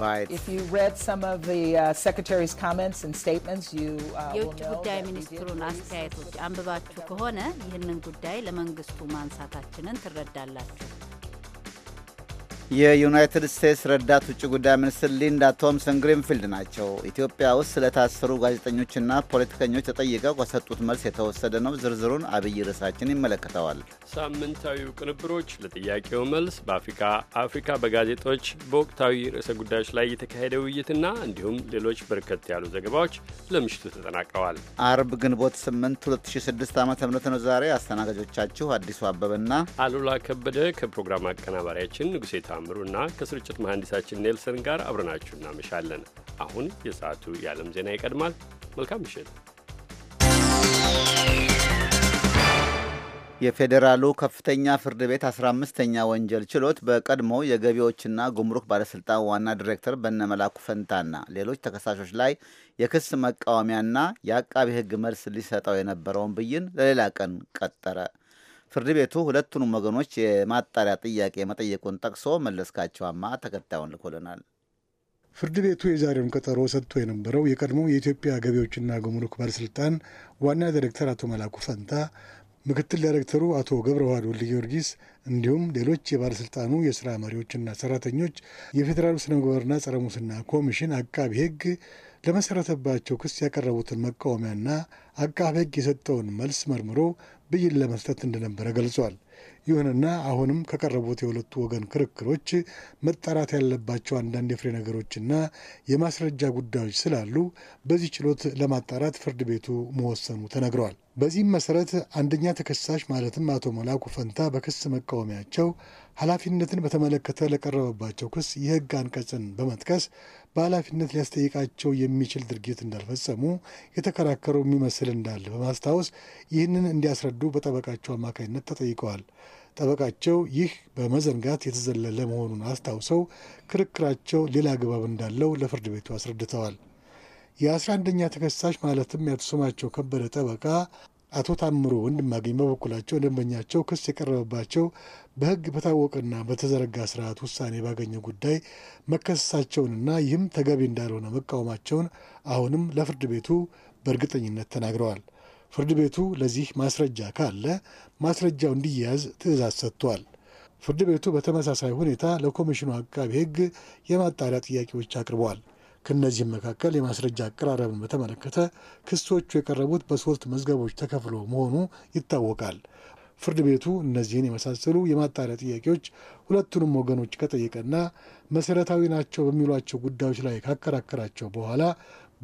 Right. If you read some of the uh, secretary's comments and statements, you uh, የውጭ ጉዳይ ሚኒስትሩን አስተያየቶች አንብባችሁ ከሆነ ይህንን ጉዳይ ለመንግስቱ ማንሳታችንን ትረዳላችሁ። የዩናይትድ ስቴትስ ረዳት ውጭ ጉዳይ ሚኒስትር ሊንዳ ቶምሰን ግሪንፊልድ ናቸው። ኢትዮጵያ ውስጥ ስለታሰሩ ጋዜጠኞችና ፖለቲከኞች ተጠይቀው ከሰጡት መልስ የተወሰደ ነው። ዝርዝሩን አብይ ርዕሳችን ይመለከተዋል። ሳምንታዊ ቅንብሮች፣ ለጥያቄው መልስ፣ በአፍሪካ አፍሪካ በጋዜጦች በወቅታዊ ርዕሰ ጉዳዮች ላይ የተካሄደ ውይይትና እንዲሁም ሌሎች በርከት ያሉ ዘገባዎች ለምሽቱ ተጠናቀዋል። አርብ ግንቦት 8 2006 ዓ ም ነው ዛሬ አስተናጋጆቻችሁ አዲሱ አበበና አሉላ ከበደ ከፕሮግራም አቀናባሪያችን ንጉሴታ ታምሩና ከስርጭት መሐንዲሳችን ኔልሰን ጋር አብረናችሁ እናመሻለን። አሁን የሰዓቱ የዓለም ዜና ይቀድማል። መልካም ምሽት። የፌዴራሉ ከፍተኛ ፍርድ ቤት 15ኛ ወንጀል ችሎት በቀድሞው የገቢዎችና ጉምሩክ ባለስልጣን ዋና ዲሬክተር በነመላኩ ፈንታና ሌሎች ተከሳሾች ላይ የክስ መቃወሚያና የአቃቢ ሕግ መልስ ሊሰጠው የነበረውን ብይን ለሌላ ቀን ቀጠረ። ፍርድ ቤቱ ሁለቱንም ወገኖች የማጣሪያ ጥያቄ መጠየቁን ጠቅሶ መለስካቸዋማ ተከታዩን ልኮልናል። ፍርድ ቤቱ የዛሬውን ቀጠሮ ሰጥቶ የነበረው የቀድሞ የኢትዮጵያ ገቢዎችና ጉምሩክ ባለስልጣን ዋና ዲሬክተር አቶ መላኩ ፈንታ ምክትል ዳይሬክተሩ አቶ ገብረ ወልደ ጊዮርጊስ እንዲሁም ሌሎች የባለሥልጣኑ የሥራ መሪዎችና ሠራተኞች የፌዴራሉ ሥነ ምግባርና ጸረ ሙስና ኮሚሽን አቃቢ ሕግ ለመሠረተባቸው ክስ ያቀረቡትን መቃወሚያና አቃቢ ሕግ የሰጠውን መልስ መርምሮ ብይን ለመስጠት እንደነበረ ገልጿል። ይሁንና አሁንም ከቀረቡት የሁለቱ ወገን ክርክሮች መጣራት ያለባቸው አንዳንድ የፍሬ ነገሮችና የማስረጃ ጉዳዮች ስላሉ በዚህ ችሎት ለማጣራት ፍርድ ቤቱ መወሰኑ ተነግረዋል። በዚህም መሰረት አንደኛ ተከሳሽ ማለትም አቶ መላኩ ፈንታ በክስ መቃወሚያቸው ኃላፊነትን በተመለከተ ለቀረበባቸው ክስ የሕግ አንቀጽን በመጥቀስ በኃላፊነት ሊያስጠይቃቸው የሚችል ድርጊት እንዳልፈጸሙ የተከራከሩ የሚመስል እንዳለ በማስታወስ ይህንን እንዲያስረዱ በጠበቃቸው አማካኝነት ተጠይቀዋል። ጠበቃቸው ይህ በመዘንጋት የተዘለለ መሆኑን አስታውሰው ክርክራቸው ሌላ አግባብ እንዳለው ለፍርድ ቤቱ አስረድተዋል። የአስራ አንደኛ ተከሳሽ ማለትም የአቶ ስማቸው ከበደ ጠበቃ አቶ ታምሮ ወንድማገኝ በበኩላቸው ደንበኛቸው ክስ የቀረበባቸው በሕግ በታወቀና በተዘረጋ ስርዓት ውሳኔ ባገኘ ጉዳይ መከሰሳቸውንና ይህም ተገቢ እንዳልሆነ መቃወማቸውን አሁንም ለፍርድ ቤቱ በእርግጠኝነት ተናግረዋል። ፍርድ ቤቱ ለዚህ ማስረጃ ካለ ማስረጃው እንዲያያዝ ትእዛዝ ሰጥቷል። ፍርድ ቤቱ በተመሳሳይ ሁኔታ ለኮሚሽኑ አቃቢ ሕግ የማጣሪያ ጥያቄዎች አቅርበዋል። ከእነዚህም መካከል የማስረጃ አቀራረብን በተመለከተ ክሶቹ የቀረቡት በሶስት መዝገቦች ተከፍሎ መሆኑ ይታወቃል። ፍርድ ቤቱ እነዚህን የመሳሰሉ የማጣሪያ ጥያቄዎች ሁለቱንም ወገኖች ከጠየቀና መሰረታዊ ናቸው በሚሏቸው ጉዳዮች ላይ ካከራከራቸው በኋላ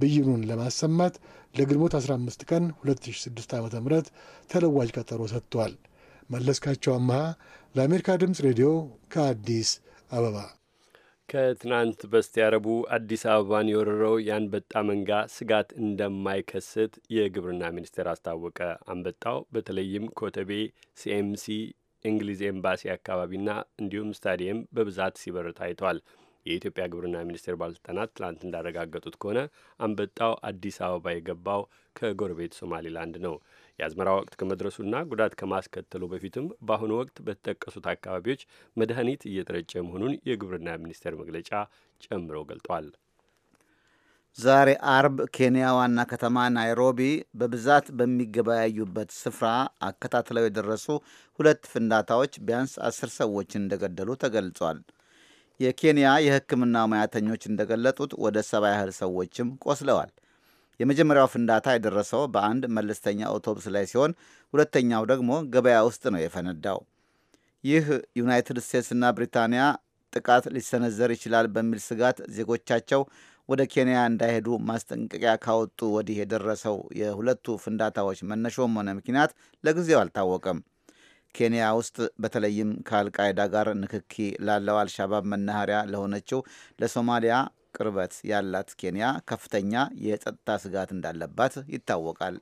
ብይኑን ለማሰማት ለግንቦት 15 ቀን 2006 ዓ ም ተለዋጅ ቀጠሮ ሰጥቷል። መለስካቸው አመሃ ለአሜሪካ ድምፅ ሬዲዮ ከአዲስ አበባ። ከትናንት በስቲያ ረቡዕ አዲስ አበባን የወረረው የአንበጣ መንጋ ስጋት እንደማይከስት የግብርና ሚኒስቴር አስታወቀ። አንበጣው በተለይም ኮተቤ፣ ሲኤምሲ፣ እንግሊዝ ኤምባሲ አካባቢና እንዲሁም ስታዲየም በብዛት ሲበር ታይቷል። የኢትዮጵያ ግብርና ሚኒስቴር ባለስልጣናት ትላንት እንዳረጋገጡት ከሆነ አንበጣው አዲስ አበባ የገባው ከጎረቤት ሶማሌላንድ ነው። የአዝመራ ወቅት ከመድረሱና ጉዳት ከማስከተሉ በፊትም በአሁኑ ወቅት በተጠቀሱት አካባቢዎች መድኃኒት እየተረጨ መሆኑን የግብርና ሚኒስቴር መግለጫ ጨምሮ ገልጧል። ዛሬ አርብ ኬንያ ዋና ከተማ ናይሮቢ በብዛት በሚገበያዩበት ስፍራ አከታትለው የደረሱ ሁለት ፍንዳታዎች ቢያንስ አስር ሰዎችን እንደገደሉ ተገልጿል። የኬንያ የሕክምና ሙያተኞች እንደገለጡት ወደ ሰባ ያህል ሰዎችም ቆስለዋል። የመጀመሪያው ፍንዳታ የደረሰው በአንድ መለስተኛ አውቶቡስ ላይ ሲሆን ሁለተኛው ደግሞ ገበያ ውስጥ ነው የፈነዳው። ይህ ዩናይትድ ስቴትስና ብሪታንያ ጥቃት ሊሰነዘር ይችላል በሚል ስጋት ዜጎቻቸው ወደ ኬንያ እንዳይሄዱ ማስጠንቀቂያ ካወጡ ወዲህ የደረሰው የሁለቱ ፍንዳታዎች መነሾም ሆነ ምክንያት ለጊዜው አልታወቀም። ኬንያ ውስጥ በተለይም ከአልቃይዳ ጋር ንክኪ ላለው አልሻባብ መናኸሪያ ለሆነችው ለሶማሊያ ቅርበት ያላት ኬንያ ከፍተኛ የጸጥታ ስጋት እንዳለባት ይታወቃል።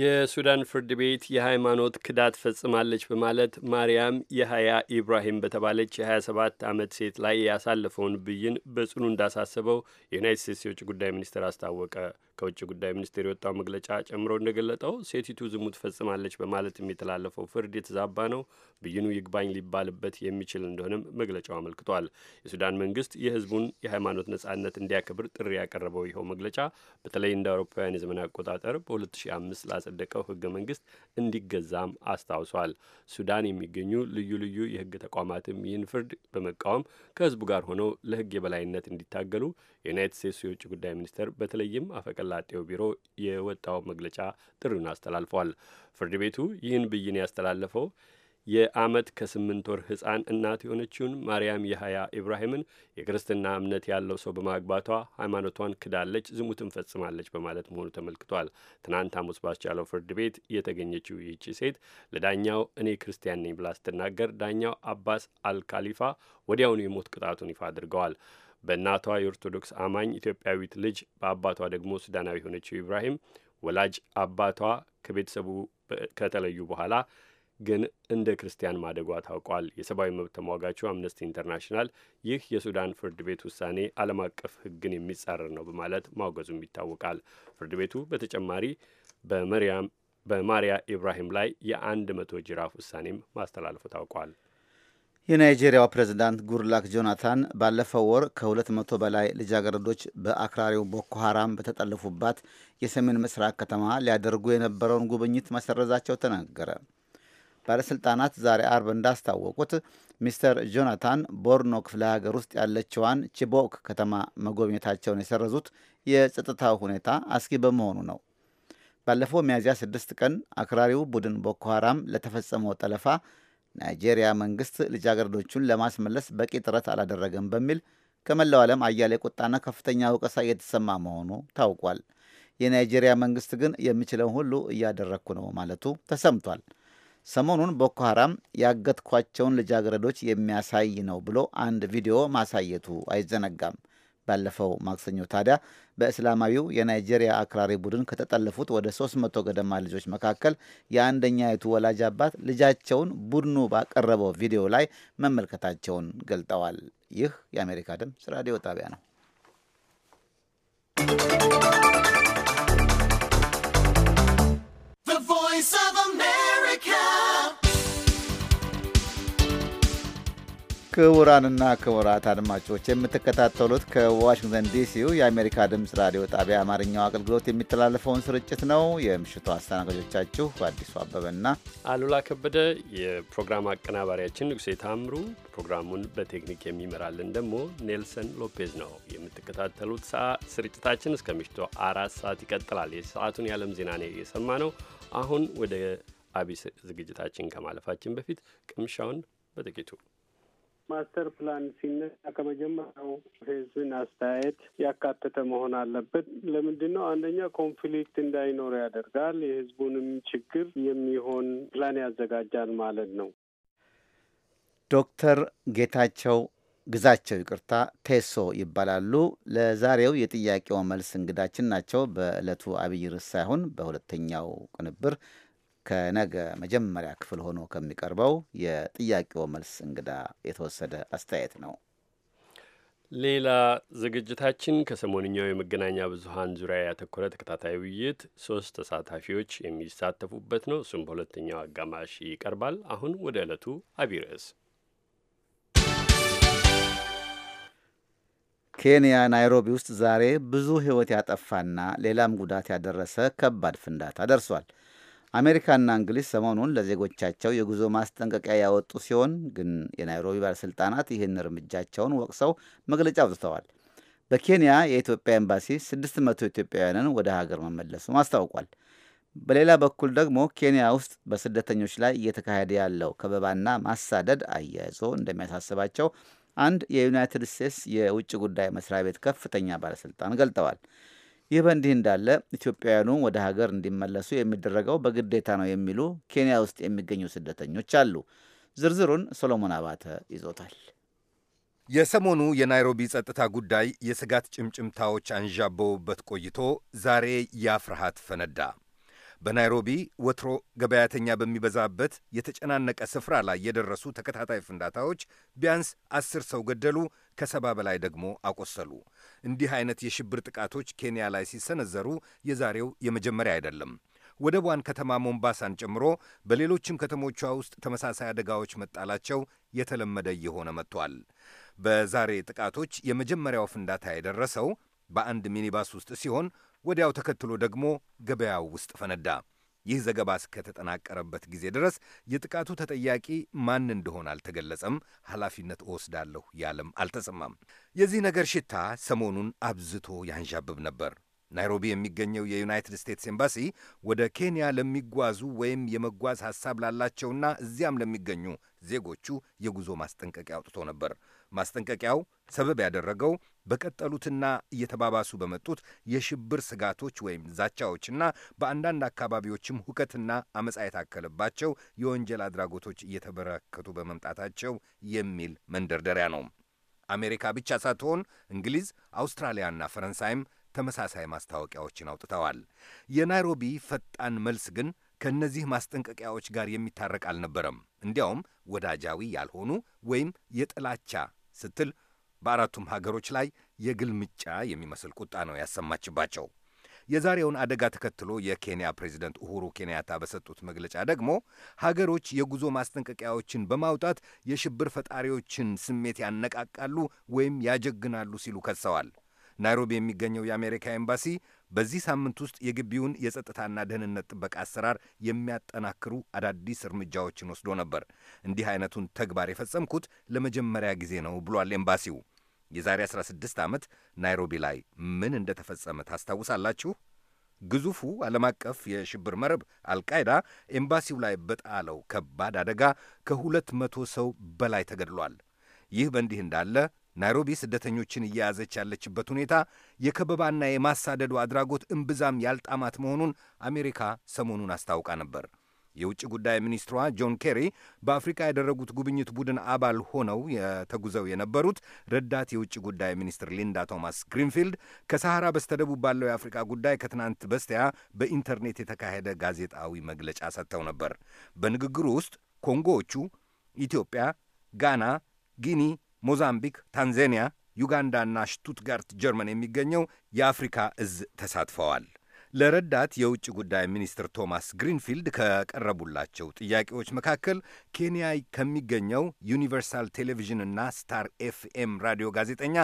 የሱዳን ፍርድ ቤት የሃይማኖት ክዳት ፈጽማለች በማለት ማርያም የሀያ ኢብራሂም በተባለች የ27 ዓመት ሴት ላይ ያሳለፈውን ብይን በጽኑ እንዳሳሰበው የዩናይት ስቴትስ የውጭ ጉዳይ ሚኒስትር አስታወቀ። ከውጭ ጉዳይ ሚኒስቴር የወጣው መግለጫ ጨምሮ እንደገለጠው ሴቲቱ ዝሙት ፈጽማለች በማለት የሚተላለፈው ፍርድ የተዛባ ነው፣ ብይኑ ይግባኝ ሊባልበት የሚችል እንደሆነም መግለጫው አመልክቷል። የሱዳን መንግስት የህዝቡን የሃይማኖት ነጻነት እንዲያከብር ጥሪ ያቀረበው ይኸው መግለጫ በተለይ እንደ አውሮፓውያን የዘመን አቆጣጠር በ2005 ላጸደቀው ህገ መንግስት እንዲገዛም አስታውሷል። ሱዳን የሚገኙ ልዩ ልዩ የህግ ተቋማትም ይህን ፍርድ በመቃወም ከህዝቡ ጋር ሆነው ለህግ የበላይነት እንዲታገሉ የዩናይትድ ስቴትስ የውጭ ጉዳይ ሚኒስቴር በተለይም አፈቀላጤው ቢሮ የወጣው መግለጫ ጥሪውን አስተላልፏል። ፍርድ ቤቱ ይህን ብይን ያስተላለፈው የአመት ከስምንት ወር ህፃን እናት የሆነችውን ማርያም የሀያ ኢብራሂምን የክርስትና እምነት ያለው ሰው በማግባቷ ሃይማኖቷን ክዳለች፣ ዝሙትን ፈጽማለች በማለት መሆኑ ተመልክቷል። ትናንት ሐሙስ ባስቻለው ፍርድ ቤት የተገኘችው ይህቺ ሴት ለዳኛው እኔ ክርስቲያን ነኝ ብላ ስትናገር ዳኛው አባስ አልካሊፋ ወዲያውኑ የሞት ቅጣቱን ይፋ አድርገዋል። በእናቷ የኦርቶዶክስ አማኝ ኢትዮጵያዊት ልጅ በአባቷ ደግሞ ሱዳናዊ የሆነችው ኢብራሂም ወላጅ አባቷ ከቤተሰቡ ከተለዩ በኋላ ግን እንደ ክርስቲያን ማደጓ ታውቋል። የሰብአዊ መብት ተሟጋቹ አምነስቲ ኢንተርናሽናል ይህ የሱዳን ፍርድ ቤት ውሳኔ ዓለም አቀፍ ሕግን የሚጻረር ነው በማለት ማውገዙም ይታወቃል። ፍርድ ቤቱ በተጨማሪ በመሪያም በማሪያ ኢብራሂም ላይ የአንድ መቶ ጅራፍ ውሳኔም ማስተላለፉ ታውቋል። የናይጄሪያው ፕሬዝዳንት ጉድላክ ጆናታን ባለፈው ወር ከሁለት መቶ በላይ ልጃገረዶች በአክራሪው ቦኮ ሀራም በተጠለፉባት የሰሜን ምስራቅ ከተማ ሊያደርጉ የነበረውን ጉብኝት መሰረዛቸው ተናገረ። ባለሥልጣናት ዛሬ አርብ እንዳስታወቁት ሚስተር ጆናታን ቦርኖ ክፍለ ሀገር ውስጥ ያለችዋን ቺቦክ ከተማ መጎብኘታቸውን የሰረዙት የጸጥታው ሁኔታ አስጊ በመሆኑ ነው። ባለፈው ሚያዝያ ስድስት ቀን አክራሪው ቡድን ቦኮ ሐራም ለተፈጸመው ጠለፋ ናይጄሪያ መንግስት ልጃገረዶቹን ለማስመለስ በቂ ጥረት አላደረገም በሚል ከመላው ዓለም አያሌ ቁጣና ከፍተኛ ወቀሳ እየተሰማ መሆኑ ታውቋል። የናይጄሪያ መንግስት ግን የምችለውን ሁሉ እያደረግኩ ነው ማለቱ ተሰምቷል። ሰሞኑን ቦኮ ሐራም ያገትኳቸውን ልጃገረዶች የሚያሳይ ነው ብሎ አንድ ቪዲዮ ማሳየቱ አይዘነጋም። ባለፈው ማክሰኞ ታዲያ በእስላማዊው የናይጄሪያ አክራሪ ቡድን ከተጠለፉት ወደ 300 ገደማ ልጆች መካከል የአንደኛይቱ ወላጅ አባት ልጃቸውን ቡድኑ ባቀረበው ቪዲዮ ላይ መመልከታቸውን ገልጠዋል። ይህ የአሜሪካ ድምፅ ራዲዮ ጣቢያ ነው። ክቡራንና ክቡራት አድማጮች የምትከታተሉት ከዋሽንግተን ዲሲው የአሜሪካ ድምፅ ራዲዮ ጣቢያ አማርኛው አገልግሎት የሚተላለፈውን ስርጭት ነው። የምሽቱ አስተናጋጆቻችሁ አዲሱ አበበና አሉላ ከበደ፣ የፕሮግራም አቀናባሪያችን ንጉሴ ታምሩ፣ ፕሮግራሙን በቴክኒክ የሚመራልን ደግሞ ኔልሰን ሎፔዝ ነው። የምትከታተሉት ስርጭታችን እስከ ምሽቱ አራት ሰዓት ይቀጥላል። የሰዓቱን የዓለም ዜና ነው የሰማ ነው። አሁን ወደ አቢስ ዝግጅታችን ከማለፋችን በፊት ቅምሻውን በጥቂቱ ማስተር ፕላን ሲነሳ ከመጀመሪያው ህዝብን አስተያየት ያካተተ መሆን አለበት። ለምንድን ነው? አንደኛ ኮንፍሊክት እንዳይኖር ያደርጋል። የህዝቡንም ችግር የሚሆን ፕላን ያዘጋጃል ማለት ነው። ዶክተር ጌታቸው ግዛቸው ይቅርታ፣ ቴሶ ይባላሉ። ለዛሬው የጥያቄው መልስ እንግዳችን ናቸው። በዕለቱ አብይ ርዕስ ሳይሆን በሁለተኛው ቅንብር ከነገ መጀመሪያ ክፍል ሆኖ ከሚቀርበው የጥያቄው መልስ እንግዳ የተወሰደ አስተያየት ነው። ሌላ ዝግጅታችን ከሰሞንኛው የመገናኛ ብዙኃን ዙሪያ ያተኮረ ተከታታይ ውይይት ሶስት ተሳታፊዎች የሚሳተፉበት ነው። እሱም በሁለተኛው አጋማሽ ይቀርባል። አሁን ወደ ዕለቱ አቢይ ርዕስ ኬንያ ናይሮቢ ውስጥ ዛሬ ብዙ ሕይወት ያጠፋና ሌላም ጉዳት ያደረሰ ከባድ ፍንዳታ ደርሷል። አሜሪካና እንግሊዝ ሰሞኑን ለዜጎቻቸው የጉዞ ማስጠንቀቂያ ያወጡ ሲሆን ግን የናይሮቢ ባለሥልጣናት ይህን እርምጃቸውን ወቅሰው መግለጫ አውጥተዋል። በኬንያ የኢትዮጵያ ኤምባሲ 600 ኢትዮጵያውያንን ወደ ሀገር መመለሱም አስታውቋል። በሌላ በኩል ደግሞ ኬንያ ውስጥ በስደተኞች ላይ እየተካሄደ ያለው ከበባና ማሳደድ አያይዞ እንደሚያሳስባቸው አንድ የዩናይትድ ስቴትስ የውጭ ጉዳይ መስሪያ ቤት ከፍተኛ ባለስልጣን ገልጠዋል። ይህ በእንዲህ እንዳለ ኢትዮጵያውያኑ ወደ ሀገር እንዲመለሱ የሚደረገው በግዴታ ነው የሚሉ ኬንያ ውስጥ የሚገኙ ስደተኞች አሉ። ዝርዝሩን ሶሎሞን አባተ ይዞታል። የሰሞኑ የናይሮቢ ጸጥታ ጉዳይ የስጋት ጭምጭምታዎች አንዣበውበት ቆይቶ ዛሬ ያ ፍርሃት ፈነዳ። በናይሮቢ ወትሮ ገበያተኛ በሚበዛበት የተጨናነቀ ስፍራ ላይ የደረሱ ተከታታይ ፍንዳታዎች ቢያንስ አስር ሰው ገደሉ፣ ከሰባ በላይ ደግሞ አቆሰሉ። እንዲህ አይነት የሽብር ጥቃቶች ኬንያ ላይ ሲሰነዘሩ የዛሬው የመጀመሪያ አይደለም። ወደቧን ከተማ ሞምባሳን ጨምሮ በሌሎችም ከተሞቿ ውስጥ ተመሳሳይ አደጋዎች መጣላቸው የተለመደ እየሆነ መጥቷል። በዛሬ ጥቃቶች የመጀመሪያው ፍንዳታ የደረሰው በአንድ ሚኒባስ ውስጥ ሲሆን ወዲያው ተከትሎ ደግሞ ገበያው ውስጥ ፈነዳ። ይህ ዘገባ እስከተጠናቀረበት ጊዜ ድረስ የጥቃቱ ተጠያቂ ማን እንደሆነ አልተገለጸም። ኃላፊነት እወስዳለሁ ያለም አልተሰማም። የዚህ ነገር ሽታ ሰሞኑን አብዝቶ ያንዣብብ ነበር። ናይሮቢ የሚገኘው የዩናይትድ ስቴትስ ኤምባሲ ወደ ኬንያ ለሚጓዙ ወይም የመጓዝ ሐሳብ ላላቸውና እዚያም ለሚገኙ ዜጎቹ የጉዞ ማስጠንቀቂያ አውጥቶ ነበር። ማስጠንቀቂያው ሰበብ ያደረገው በቀጠሉትና እየተባባሱ በመጡት የሽብር ስጋቶች ወይም ዛቻዎችና በአንዳንድ አካባቢዎችም ሁከትና አመፃ የታከለባቸው የወንጀል አድራጎቶች እየተበረከቱ በመምጣታቸው የሚል መንደርደሪያ ነው። አሜሪካ ብቻ ሳትሆን እንግሊዝ፣ አውስትራሊያና ፈረንሳይም ተመሳሳይ ማስታወቂያዎችን አውጥተዋል። የናይሮቢ ፈጣን መልስ ግን ከእነዚህ ማስጠንቀቂያዎች ጋር የሚታረቅ አልነበረም። እንዲያውም ወዳጃዊ ያልሆኑ ወይም የጥላቻ ስትል በአራቱም ሀገሮች ላይ የግልምጫ የሚመስል ቁጣ ነው ያሰማችባቸው። የዛሬውን አደጋ ተከትሎ የኬንያ ፕሬዚደንት ኡሁሩ ኬንያታ በሰጡት መግለጫ ደግሞ ሀገሮች የጉዞ ማስጠንቀቂያዎችን በማውጣት የሽብር ፈጣሪዎችን ስሜት ያነቃቃሉ ወይም ያጀግናሉ ሲሉ ከሰዋል። ናይሮቢ የሚገኘው የአሜሪካ ኤምባሲ በዚህ ሳምንት ውስጥ የግቢውን የጸጥታና ደህንነት ጥበቃ አሰራር የሚያጠናክሩ አዳዲስ እርምጃዎችን ወስዶ ነበር። እንዲህ አይነቱን ተግባር የፈጸምኩት ለመጀመሪያ ጊዜ ነው ብሏል ኤምባሲው። የዛሬ 16 ዓመት ናይሮቢ ላይ ምን እንደተፈጸመ ታስታውሳላችሁ? ግዙፉ ዓለም አቀፍ የሽብር መረብ አልቃይዳ ኤምባሲው ላይ በጣለው ከባድ አደጋ ከሁለት መቶ ሰው በላይ ተገድሏል። ይህ በእንዲህ እንዳለ ናይሮቢ ስደተኞችን እየያዘች ያለችበት ሁኔታ የከበባና የማሳደዱ አድራጎት እምብዛም ያልጣማት መሆኑን አሜሪካ ሰሞኑን አስታውቃ ነበር። የውጭ ጉዳይ ሚኒስትሯ ጆን ኬሪ በአፍሪካ ያደረጉት ጉብኝት ቡድን አባል ሆነው የተጉዘው የነበሩት ረዳት የውጭ ጉዳይ ሚኒስትር ሊንዳ ቶማስ ግሪንፊልድ ከሰሐራ በስተደቡብ ባለው የአፍሪካ ጉዳይ ከትናንት በስቲያ በኢንተርኔት የተካሄደ ጋዜጣዊ መግለጫ ሰጥተው ነበር። በንግግሩ ውስጥ ኮንጎዎቹ፣ ኢትዮጵያ፣ ጋና፣ ጊኒ ሞዛምቢክ፣ ታንዛኒያ፣ ዩጋንዳና ሽቱትጋርት ጀርመን የሚገኘው የአፍሪካ እዝ ተሳትፈዋል። ለረዳት የውጭ ጉዳይ ሚኒስትር ቶማስ ግሪንፊልድ ከቀረቡላቸው ጥያቄዎች መካከል ኬንያ ከሚገኘው ዩኒቨርሳል ቴሌቪዥን ና ስታር ኤፍኤም ራዲዮ ጋዜጠኛ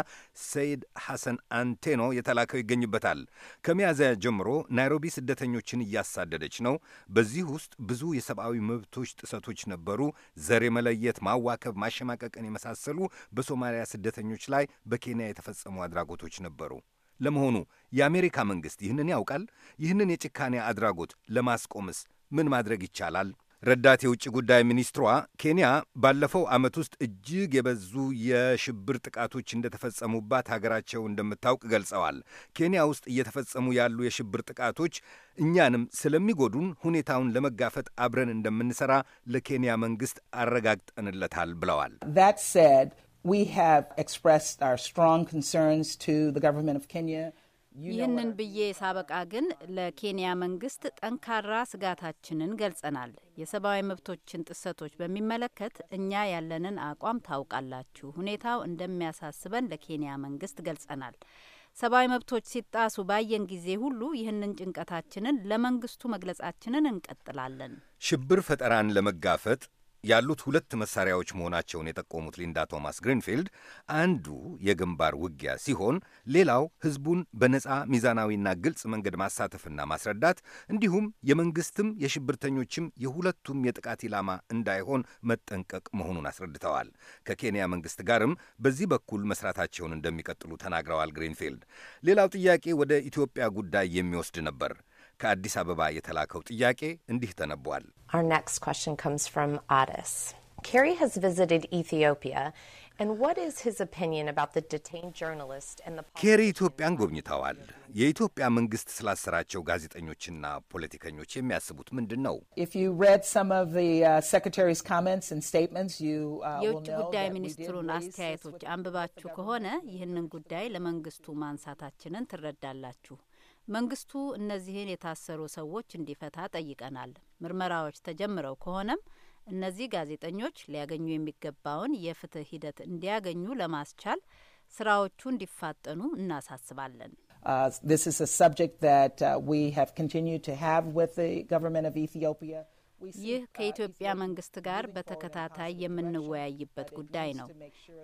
ሰይድ ሐሰን አንቴኖ የተላከው ይገኝበታል። ከሚያዝያ ጀምሮ ናይሮቢ ስደተኞችን እያሳደደች ነው። በዚህ ውስጥ ብዙ የሰብአዊ መብቶች ጥሰቶች ነበሩ። ዘር የመለየት ማዋከብ፣ ማሸማቀቅን የመሳሰሉ በሶማሊያ ስደተኞች ላይ በኬንያ የተፈጸሙ አድራጎቶች ነበሩ። ለመሆኑ የአሜሪካ መንግሥት ይህንን ያውቃል? ይህንን የጭካኔ አድራጎት ለማስቆምስ ምን ማድረግ ይቻላል? ረዳት የውጭ ጉዳይ ሚኒስትሯ ኬንያ ባለፈው ዓመት ውስጥ እጅግ የበዙ የሽብር ጥቃቶች እንደተፈጸሙባት ሀገራቸው እንደምታውቅ ገልጸዋል። ኬንያ ውስጥ እየተፈጸሙ ያሉ የሽብር ጥቃቶች እኛንም ስለሚጎዱን ሁኔታውን ለመጋፈጥ አብረን እንደምንሰራ ለኬንያ መንግሥት አረጋግጠንለታል ብለዋል። We have expressed our strong concerns to the government of Kenya. ይህንን ብዬ ሳበቃ ግን ለኬንያ መንግስት ጠንካራ ስጋታችንን ገልጸናል። የሰብአዊ መብቶችን ጥሰቶች በሚመለከት እኛ ያለንን አቋም ታውቃላችሁ። ሁኔታው እንደሚያሳስበን ለኬንያ መንግስት ገልጸናል። ሰብአዊ መብቶች ሲጣሱ ባየን ጊዜ ሁሉ ይህንን ጭንቀታችንን ለመንግስቱ መግለጻችንን እንቀጥላለን። ሽብር ፈጠራን ለመጋፈጥ ያሉት ሁለት መሳሪያዎች መሆናቸውን የጠቆሙት ሊንዳ ቶማስ ግሪንፊልድ አንዱ የግንባር ውጊያ ሲሆን፣ ሌላው ህዝቡን በነፃ ሚዛናዊና ግልጽ መንገድ ማሳተፍና ማስረዳት እንዲሁም የመንግስትም የሽብርተኞችም የሁለቱም የጥቃት ኢላማ እንዳይሆን መጠንቀቅ መሆኑን አስረድተዋል። ከኬንያ መንግስት ጋርም በዚህ በኩል መስራታቸውን እንደሚቀጥሉ ተናግረዋል። ግሪንፊልድ ሌላው ጥያቄ ወደ ኢትዮጵያ ጉዳይ የሚወስድ ነበር። ከአዲስ አበባ የተላከው ጥያቄ እንዲህ ተነቧል። Kerry has visited Ethiopia, and what is his opinion about the detained journalist and the ኬሪ ኢትዮጵያን ጎብኝተዋል። የኢትዮጵያ መንግስት ስላሰራቸው ጋዜጠኞችና ፖለቲከኞች የሚያስቡት ምንድን ነው? የውጭ ጉዳይ ሚኒስትሩን አስተያየቶች አንብባችሁ ከሆነ ይህንን ጉዳይ ለመንግስቱ ማንሳታችንን ትረዳላችሁ። መንግስቱ እነዚህን የታሰሩ ሰዎች እንዲፈታ ጠይቀናል። ምርመራዎች ተጀምረው ከሆነም እነዚህ ጋዜጠኞች ሊያገኙ የሚገባውን የፍትህ ሂደት እንዲያገኙ ለማስቻል ስራዎቹ እንዲፋጠኑ እናሳስባለን። uh, This is a subject that uh, we have continued to have with the government of Ethiopia. ይህ uh, ከኢትዮጵያ መንግስት ጋር በተከታታይ የምንወያይበት ጉዳይ ነው።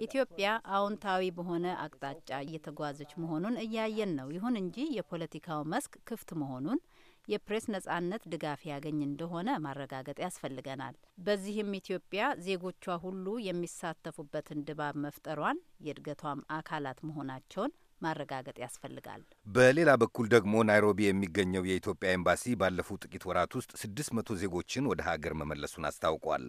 ኢትዮጵያ አዎንታዊ በሆነ አቅጣጫ እየተጓዘች uh, መሆኑን እያየን ነው። ይሁን እንጂ የፖለቲካው መስክ ክፍት መሆኑን የፕሬስ ነጻነት ድጋፍ ያገኝ እንደሆነ ማረጋገጥ ያስፈልገናል። በዚህም ኢትዮጵያ ዜጎቿ ሁሉ የሚሳተፉበትን ድባብ መፍጠሯን የእድገቷም አካላት መሆናቸውን ማረጋገጥ ያስፈልጋል። በሌላ በኩል ደግሞ ናይሮቢ የሚገኘው የኢትዮጵያ ኤምባሲ ባለፉት ጥቂት ወራት ውስጥ ስድስት መቶ ዜጎችን ወደ ሀገር መመለሱን አስታውቋል።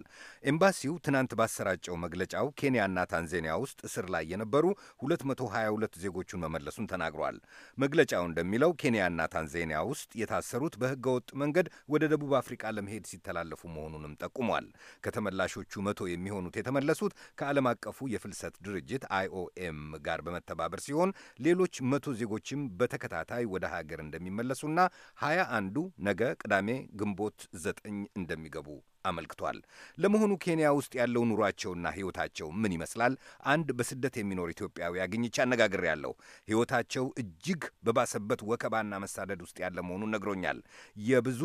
ኤምባሲው ትናንት ባሰራጨው መግለጫው ኬንያና ታንዛኒያ ውስጥ እስር ላይ የነበሩ 222 ዜጎቹን መመለሱን ተናግሯል። መግለጫው እንደሚለው ኬንያና ታንዛኒያ ውስጥ የታሰሩት በህገወጥ መንገድ ወደ ደቡብ አፍሪቃ ለመሄድ ሲተላለፉ መሆኑንም ጠቁሟል። ከተመላሾቹ መቶ የሚሆኑት የተመለሱት ከዓለም አቀፉ የፍልሰት ድርጅት አይኦኤም ጋር በመተባበር ሲሆን ሌሎች መቶ ዜጎችም በተከታታይ ወደ ሀገር እንደሚመለሱና ሀያ አንዱ ነገ ቅዳሜ ግንቦት ዘጠኝ እንደሚገቡ አመልክቷል። ለመሆኑ ኬንያ ውስጥ ያለው ኑሯቸውና ሕይወታቸው ምን ይመስላል? አንድ በስደት የሚኖር ኢትዮጵያዊ አግኝቼ ያለው ሕይወታቸው እጅግ በባሰበት ወከባና መሳደድ ውስጥ ያለ መሆኑን ነግሮኛል። የብዙ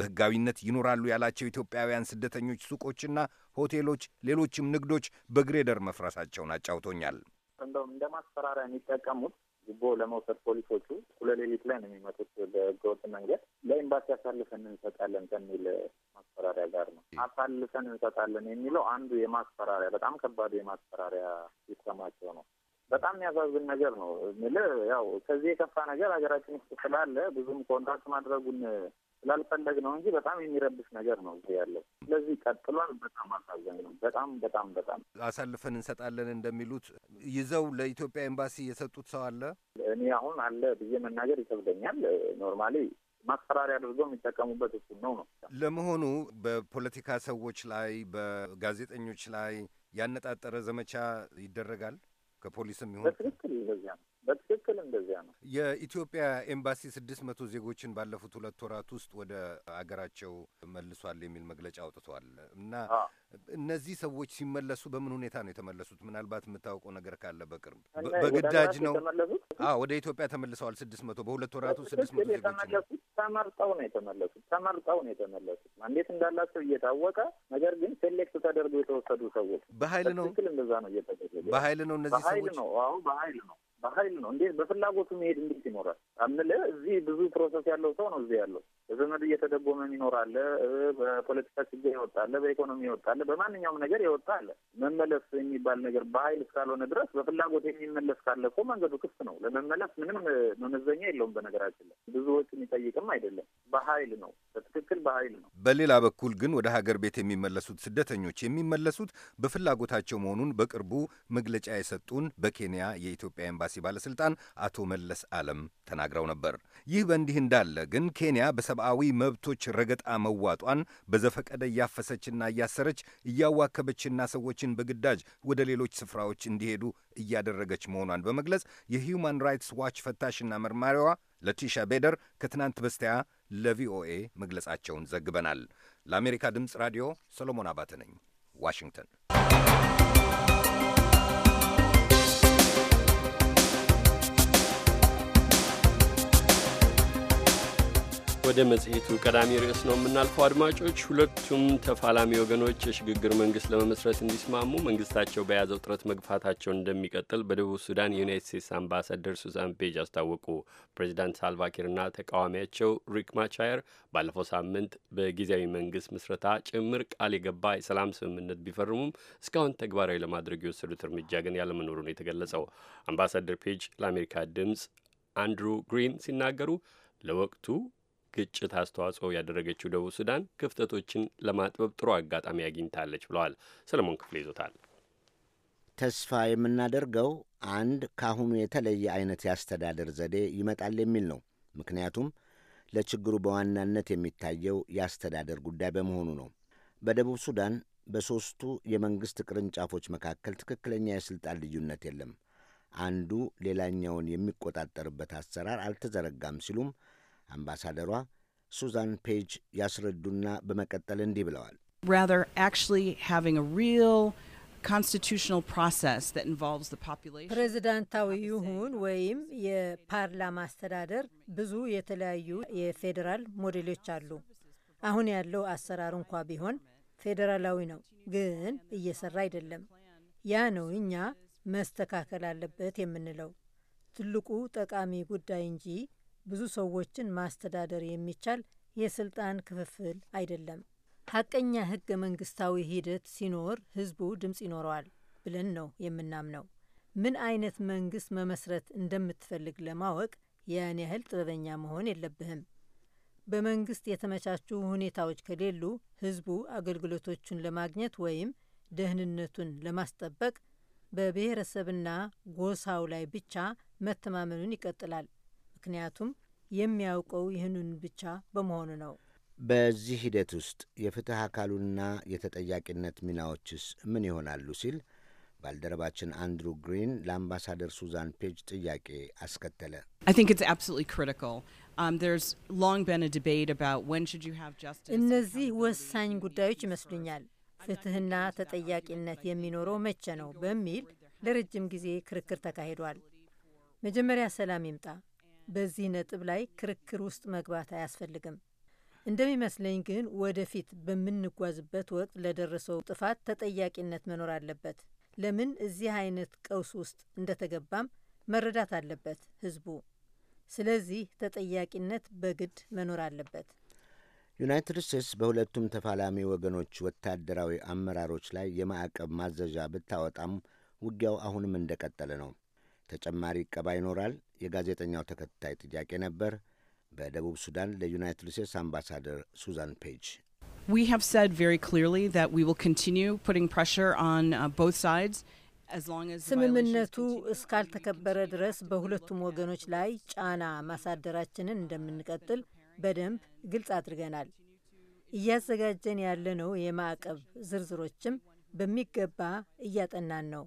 በሕጋዊነት ይኖራሉ ያላቸው ኢትዮጵያውያን ስደተኞች ሱቆችና ሆቴሎች፣ ሌሎችም ንግዶች በግሬደር መፍረሳቸውን አጫውቶኛል። እንደውም እንደ ማስፈራሪያ የሚጠቀሙት ጉቦ ለመውሰድ ፖሊሶቹ ሁለሌሊት ላይ ነው የሚመጡት በህገወጥ መንገድ ለኤምባሲ አሳልፈን እንሰጣለን ከሚል ማስፈራሪያ ጋር ነው። አሳልፈን እንሰጣለን የሚለው አንዱ የማስፈራሪያ በጣም ከባዱ የማስፈራሪያ ሲስተማቸው ነው። በጣም የሚያሳዝን ነገር ነው። ምል ያው ከዚህ የከፋ ነገር ሀገራችን ውስጥ ስላለ ብዙም ኮንትራክት ማድረጉን ስላልፈለግ ነው እንጂ በጣም የሚረብሽ ነገር ነው እዚህ ያለው። ስለዚህ ቀጥሏል። በጣም አሳዘኝ ነው። በጣም በጣም በጣም አሳልፈን እንሰጣለን እንደሚሉት ይዘው ለኢትዮጵያ ኤምባሲ የሰጡት ሰው አለ። እኔ አሁን አለ ብዬ መናገር ይከብደኛል። ኖርማሊ ማስፈራሪያ አድርገው የሚጠቀሙበት እሱ ነው ነው። ለመሆኑ በፖለቲካ ሰዎች ላይ በጋዜጠኞች ላይ ያነጣጠረ ዘመቻ ይደረጋል ከፖሊስም ይሁን በትክክል ይበዚያ ነው በትክክል እንደዚያ ነው። የኢትዮጵያ ኤምባሲ ስድስት መቶ ዜጎችን ባለፉት ሁለት ወራት ውስጥ ወደ አገራቸው መልሷል የሚል መግለጫ አውጥቷል እና እነዚህ ሰዎች ሲመለሱ በምን ሁኔታ ነው የተመለሱት? ምናልባት የምታውቀው ነገር ካለ በቅርብ በግዳጅ ነው አዎ ወደ ኢትዮጵያ ተመልሰዋል። ስድስት መቶ በሁለት ወራቱ ስድስት መቶ ዜጎች ተመርጠው ነው የተመለሱት። ተመርጠው ነው የተመለሱት። እንዴት እንዳላቸው እየታወቀ ነገር ግን ሴሌክት ተደርጎ የተወሰዱ ሰዎች በሀይል ነው። ትክክል እንደዛ ነው እየተደረገ በሀይል ነው። እነዚህ ሰዎች ነው። አሁ በሀይል ነው። በሀይል ነው እንዴ በፍላጎቱ መሄድ እንዴት ይኖራል? አምለ እዚህ ብዙ ፕሮሰስ ያለው ሰው ነው እዚህ ያለው በዘመድ እየተደጎመ ይኖራለ። በፖለቲካ ችግር ይወጣለ፣ በኢኮኖሚ ይወጣለ፣ በማንኛውም ነገር ይወጣለ። መመለስ የሚባል ነገር በኃይል እስካልሆነ ድረስ በፍላጎት የሚመለስ ካለ እኮ መንገዱ ክፍት ነው። ለመመለስ ምንም መመዘኛ የለውም። በነገራችን ላይ ብዙዎች የሚጠይቅም አይደለም። በኃይል ነው፣ በትክክል በኃይል ነው። በሌላ በኩል ግን ወደ ሀገር ቤት የሚመለሱት ስደተኞች የሚመለሱት በፍላጎታቸው መሆኑን በቅርቡ መግለጫ የሰጡን በኬንያ የኢትዮጵያ ኤምባሲ ባለስልጣን አቶ መለስ አለም ተናግረው ነበር። ይህ በእንዲህ እንዳለ ግን ኬንያ በሰብ የሰብአዊ መብቶች ረገጣ መዋጧን በዘፈቀደ እያፈሰችና እያሰረች እያዋከበችና ሰዎችን በግዳጅ ወደ ሌሎች ስፍራዎች እንዲሄዱ እያደረገች መሆኗን በመግለጽ የሂዩማን ራይትስ ዋች ፈታሽና መርማሪዋ ለቲሻ ቤደር ከትናንት በስቲያ ለቪኦኤ መግለጻቸውን ዘግበናል። ለአሜሪካ ድምፅ ራዲዮ ሰሎሞን አባተ ነኝ፣ ዋሽንግተን ወደ መጽሔቱ ቀዳሚ ርዕስ ነው የምናልፈው። አድማጮች፣ ሁለቱም ተፋላሚ ወገኖች የሽግግር መንግስት ለመመስረት እንዲስማሙ መንግስታቸው በያዘው ጥረት መግፋታቸውን እንደሚቀጥል በደቡብ ሱዳን የዩናይት ስቴትስ አምባሳደር ሱዛን ፔጅ አስታወቁ። ፕሬዚዳንት ሳልቫኪርና ተቃዋሚያቸው ሪክ ማቻየር ባለፈው ሳምንት በጊዜያዊ መንግስት ምስረታ ጭምር ቃል የገባ የሰላም ስምምነት ቢፈርሙም እስካሁን ተግባራዊ ለማድረግ የወሰዱት እርምጃ ግን ያለመኖሩ ነው የተገለጸው። አምባሳደር ፔጅ ለአሜሪካ ድምፅ አንድሩ ግሪን ሲናገሩ ለወቅቱ ግጭት አስተዋጽኦ ያደረገችው ደቡብ ሱዳን ክፍተቶችን ለማጥበብ ጥሩ አጋጣሚ አግኝታለች ብለዋል። ሰለሞን ክፍሌ ይዞታል። ተስፋ የምናደርገው አንድ ካሁኑ የተለየ አይነት የአስተዳደር ዘዴ ይመጣል የሚል ነው። ምክንያቱም ለችግሩ በዋናነት የሚታየው የአስተዳደር ጉዳይ በመሆኑ ነው። በደቡብ ሱዳን በሦስቱ የመንግሥት ቅርንጫፎች መካከል ትክክለኛ የሥልጣን ልዩነት የለም። አንዱ ሌላኛውን የሚቆጣጠርበት አሰራር አልተዘረጋም ሲሉም አምባሳደሯ ሱዛን ፔጅ ያስረዱና በመቀጠል እንዲህ ብለዋል። ፕሬዚዳንታዊ ይሁን ወይም የፓርላማ አስተዳደር ብዙ የተለያዩ የፌዴራል ሞዴሎች አሉ። አሁን ያለው አሰራር እንኳ ቢሆን ፌዴራላዊ ነው፣ ግን እየሰራ አይደለም። ያ ነው እኛ መስተካከል አለበት የምንለው ትልቁ ጠቃሚ ጉዳይ እንጂ ብዙ ሰዎችን ማስተዳደር የሚቻል የስልጣን ክፍፍል አይደለም። ሀቀኛ ህገ መንግስታዊ ሂደት ሲኖር ህዝቡ ድምፅ ይኖረዋል ብለን ነው የምናምነው። ምን አይነት መንግስት መመስረት እንደምትፈልግ ለማወቅ ያን ያህል ጥበበኛ መሆን የለብህም። በመንግስት የተመቻቹ ሁኔታዎች ከሌሉ ህዝቡ አገልግሎቶቹን ለማግኘት ወይም ደህንነቱን ለማስጠበቅ በብሔረሰብና ጎሳው ላይ ብቻ መተማመኑን ይቀጥላል። ምክንያቱም የሚያውቀው ይህንን ብቻ በመሆኑ ነው። በዚህ ሂደት ውስጥ የፍትህ አካሉና የተጠያቂነት ሚናዎችስ ምን ይሆናሉ ሲል ባልደረባችን አንድሩ ግሪን ለአምባሳደር ሱዛን ፔጅ ጥያቄ አስከተለ። um, እነዚህ ወሳኝ ጉዳዮች ይመስሉኛል። ፍትህና ተጠያቂነት የሚኖረው መቼ ነው በሚል ለረጅም ጊዜ ክርክር ተካሂዷል። መጀመሪያ ሰላም ይምጣ፣ በዚህ ነጥብ ላይ ክርክር ውስጥ መግባት አያስፈልግም። እንደሚመስለኝ ግን ወደፊት በምንጓዝበት ወቅት ለደረሰው ጥፋት ተጠያቂነት መኖር አለበት። ለምን እዚህ አይነት ቀውስ ውስጥ እንደተገባም መረዳት አለበት ህዝቡ። ስለዚህ ተጠያቂነት በግድ መኖር አለበት። ዩናይትድ ስቴትስ በሁለቱም ተፋላሚ ወገኖች ወታደራዊ አመራሮች ላይ የማዕቀብ ማዘዣ ብታወጣም ውጊያው አሁንም እንደቀጠለ ነው። ተጨማሪ ቀባ ይኖራል። የጋዜጠኛው ተከታይ ጥያቄ ነበር። በደቡብ ሱዳን ለዩናይትድ ስቴትስ አምባሳደር ሱዛን ፔጅ ስምምነቱ እስካልተከበረ ድረስ በሁለቱም ወገኖች ላይ ጫና ማሳደራችንን እንደምንቀጥል በደንብ ግልጽ አድርገናል። እያዘጋጀን ያለነው የማዕቀብ ዝርዝሮችም በሚገባ እያጠናን ነው።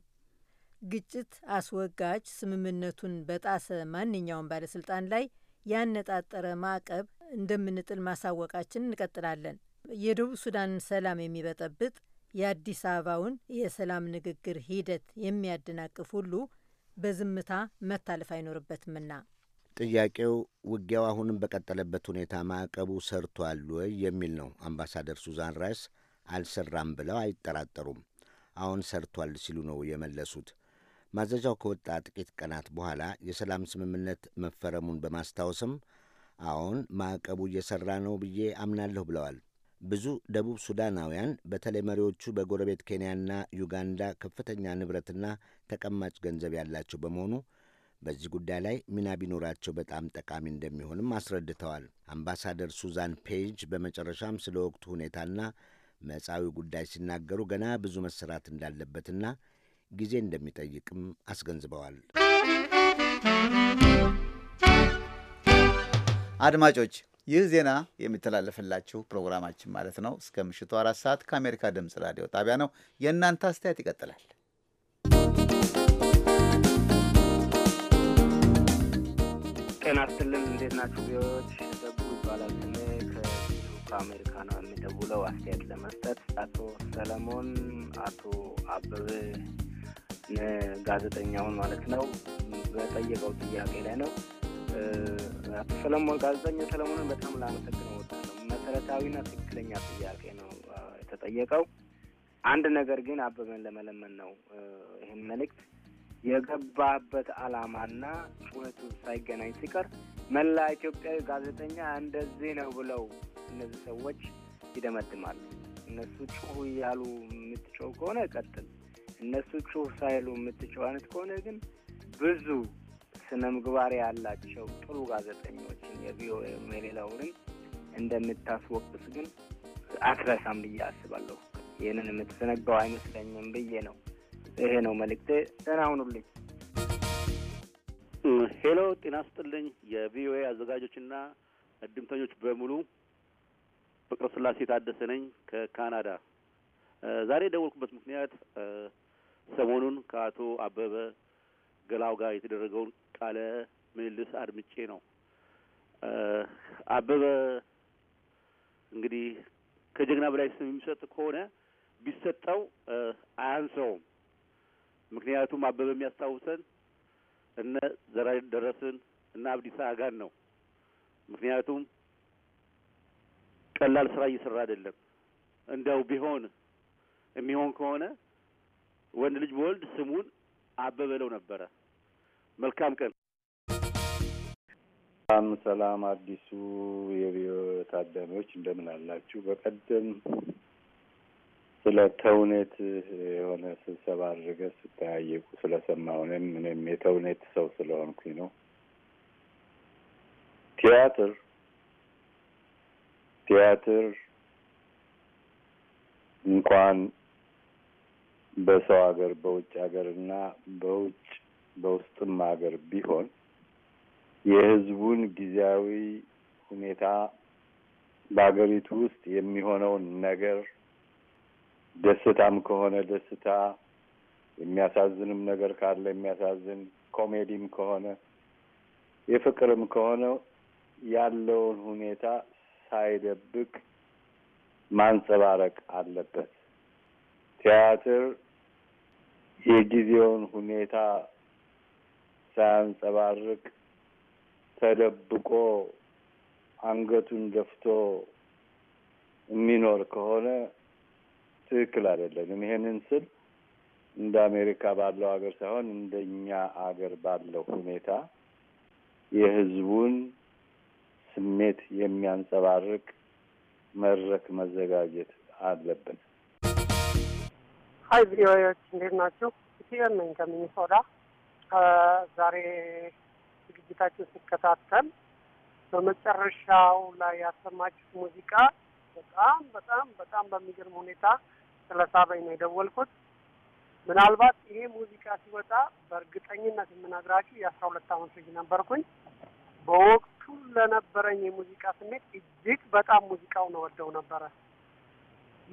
ግጭት አስወጋጅ ስምምነቱን በጣሰ ማንኛውም ባለስልጣን ላይ ያነጣጠረ ማዕቀብ እንደምንጥል ማሳወቃችን እንቀጥላለን። የደቡብ ሱዳንን ሰላም የሚበጠብጥ የአዲስ አበባውን የሰላም ንግግር ሂደት የሚያደናቅፍ ሁሉ በዝምታ መታለፍ አይኖርበትምና። ጥያቄው ውጊያው አሁንም በቀጠለበት ሁኔታ ማዕቀቡ ሰርቷል ወይ የሚል ነው። አምባሳደር ሱዛን ራይስ አልሰራም ብለው አይጠራጠሩም። አሁን ሰርቷል ሲሉ ነው የመለሱት። ማዘዣው ከወጣ ጥቂት ቀናት በኋላ የሰላም ስምምነት መፈረሙን በማስታወስም አዎን ማዕቀቡ እየሠራ ነው ብዬ አምናለሁ ብለዋል። ብዙ ደቡብ ሱዳናውያን በተለይ መሪዎቹ በጎረቤት ኬንያና ዩጋንዳ ከፍተኛ ንብረትና ተቀማጭ ገንዘብ ያላቸው በመሆኑ በዚህ ጉዳይ ላይ ሚና ቢኖራቸው በጣም ጠቃሚ እንደሚሆንም አስረድተዋል። አምባሳደር ሱዛን ፔጅ በመጨረሻም ስለ ወቅቱ ሁኔታና መጻዊ ጉዳይ ሲናገሩ ገና ብዙ መሰራት እንዳለበትና ጊዜ እንደሚጠይቅም አስገንዝበዋል። አድማጮች ይህ ዜና የሚተላለፍላችሁ ፕሮግራማችን ማለት ነው እስከ ምሽቱ አራት ሰዓት ከአሜሪካ ድምፅ ራዲዮ ጣቢያ ነው። የእናንተ አስተያየት ይቀጥላል። ጤና ይስጥልን። እንዴት ናችሁ? ቢዎች ደቡብ ይባላል ስሜ ከአሜሪካ ነው የሚደውለው አስተያየት ለመስጠት አቶ ሰለሞን፣ አቶ አበበ ጋዜጠኛውን ማለት ነው በጠየቀው ጥያቄ ላይ ነው። አቶ ሰለሞን ጋዜጠኛ ሰለሞንን በጣም ላመሰግነው እወዳለሁ። መሰረታዊና ትክክለኛ ጥያቄ ነው የተጠየቀው። አንድ ነገር ግን አበበን ለመለመን ነው ይህን መልእክት የገባበት አላማና ጩኸቱ ሳይገናኝ ሲቀር መላ ኢትዮጵያዊ ጋዜጠኛ እንደዚህ ነው ብለው እነዚህ ሰዎች ይደመድማሉ። እነሱ ጩሁ እያሉ የምትጮው ከሆነ ቀጥል እነሱ ጩህ ሳይሉ የምትጨዋነት ከሆነ ግን ብዙ ስነ ምግባር ያላቸው ጥሩ ጋዜጠኞችን የቪኦኤም የሌላውንም እንደምታስወቅስ ግን አትረሳም ብዬ አስባለሁ። ይህንን የምትዘነጋው አይመስለኝም ብዬ ነው። ይሄ ነው መልእክቴ። ደህና ሁኑልኝ። ሄሎ፣ ጤና ስጥልኝ። የቪኦኤ አዘጋጆችና እድምተኞች በሙሉ ፍቅረ ስላሴ ታደሰ ነኝ ከካናዳ። ዛሬ የደወልኩበት ምክንያት ሰሞኑን ከአቶ አበበ ገላው ጋር የተደረገውን ቃለ ምልልስ አድምጬ ነው። አበበ እንግዲህ ከጀግና በላይ ስም የሚሰጥ ከሆነ ቢሰጠው አያንሰውም። ምክንያቱም አበበ የሚያስታውሰን እነ ዘራ ደረስን እና አብዲሳ አጋን ነው። ምክንያቱም ቀላል ስራ እየሰራ አይደለም። እንደው ቢሆን የሚሆን ከሆነ ወንድ ልጅ በወልድ ስሙን አበበ ለው ነበረ። መልካም ቀን። ሰላም ሰላም፣ አዲሱ የቪኦኤ ታዳሚዎች እንደምን አላችሁ? በቀደም ስለ ተውኔት የሆነ ስብሰባ አድርገ ስጠያየቁ ስለሰማሁ እኔም እኔም የተውኔት ሰው ስለሆንኩኝ ነው። ቲያትር ቲያትር እንኳን በሰው ሀገር በውጭ ሀገር እና በውጭ በውስጥም ሀገር ቢሆን የህዝቡን ጊዜያዊ ሁኔታ በሀገሪቱ ውስጥ የሚሆነውን ነገር ደስታም ከሆነ ደስታ፣ የሚያሳዝንም ነገር ካለ የሚያሳዝን፣ ኮሜዲም ከሆነ የፍቅርም ከሆነ ያለውን ሁኔታ ሳይደብቅ ማንጸባረቅ አለበት። ቲያትር የጊዜውን ሁኔታ ሳያንጸባርቅ ተደብቆ አንገቱን ደፍቶ የሚኖር ከሆነ ትክክል አይደለንም። ይሄንን ስል እንደ አሜሪካ ባለው ሀገር ሳይሆን እንደኛ አገር ባለው ሁኔታ የህዝቡን ስሜት የሚያንጸባርቅ መድረክ መዘጋጀት አለብን። ሀይ ቪዲዮዎች እንዴት ናችሁ ኢትዮን ነኝ ከሚኒሶታ። ዛሬ ዝግጅታችን ሲከታተል በመጨረሻው ላይ ያሰማችሁት ሙዚቃ በጣም በጣም በጣም በሚገርም ሁኔታ ስለሳበኝ ነው የደወልኩት። ምናልባት ይሄ ሙዚቃ ሲወጣ በእርግጠኝነት የምነግራችሁ የአስራ ሁለት አመት ልጅ ነበርኩኝ። በወቅቱ ለነበረኝ የሙዚቃ ስሜት እጅግ በጣም ሙዚቃውን እወደው ነበረ።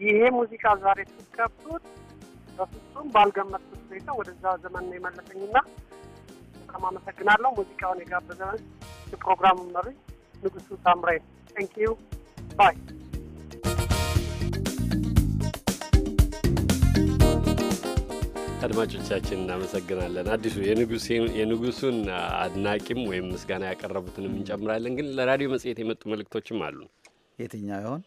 ይሄ ሙዚቃ ዛሬ ስትከፍቱት በፍጹም ባልገመት ሁኔታ ወደዛ ዘመን ነው የመለሰኝና በጣም አመሰግናለሁ። ሙዚቃውን የጋበዘ ፕሮግራም መሪ ንጉሱ ሳምራይ። ታንክ ዩ ባይ። አድማጮቻችን እናመሰግናለን። አዲሱ የንጉሱን አድናቂም ወይም ምስጋና ያቀረቡትንም እንጨምራለን። ግን ለራዲዮ መጽሔት የመጡ መልእክቶችም አሉ። የትኛው ይሆን?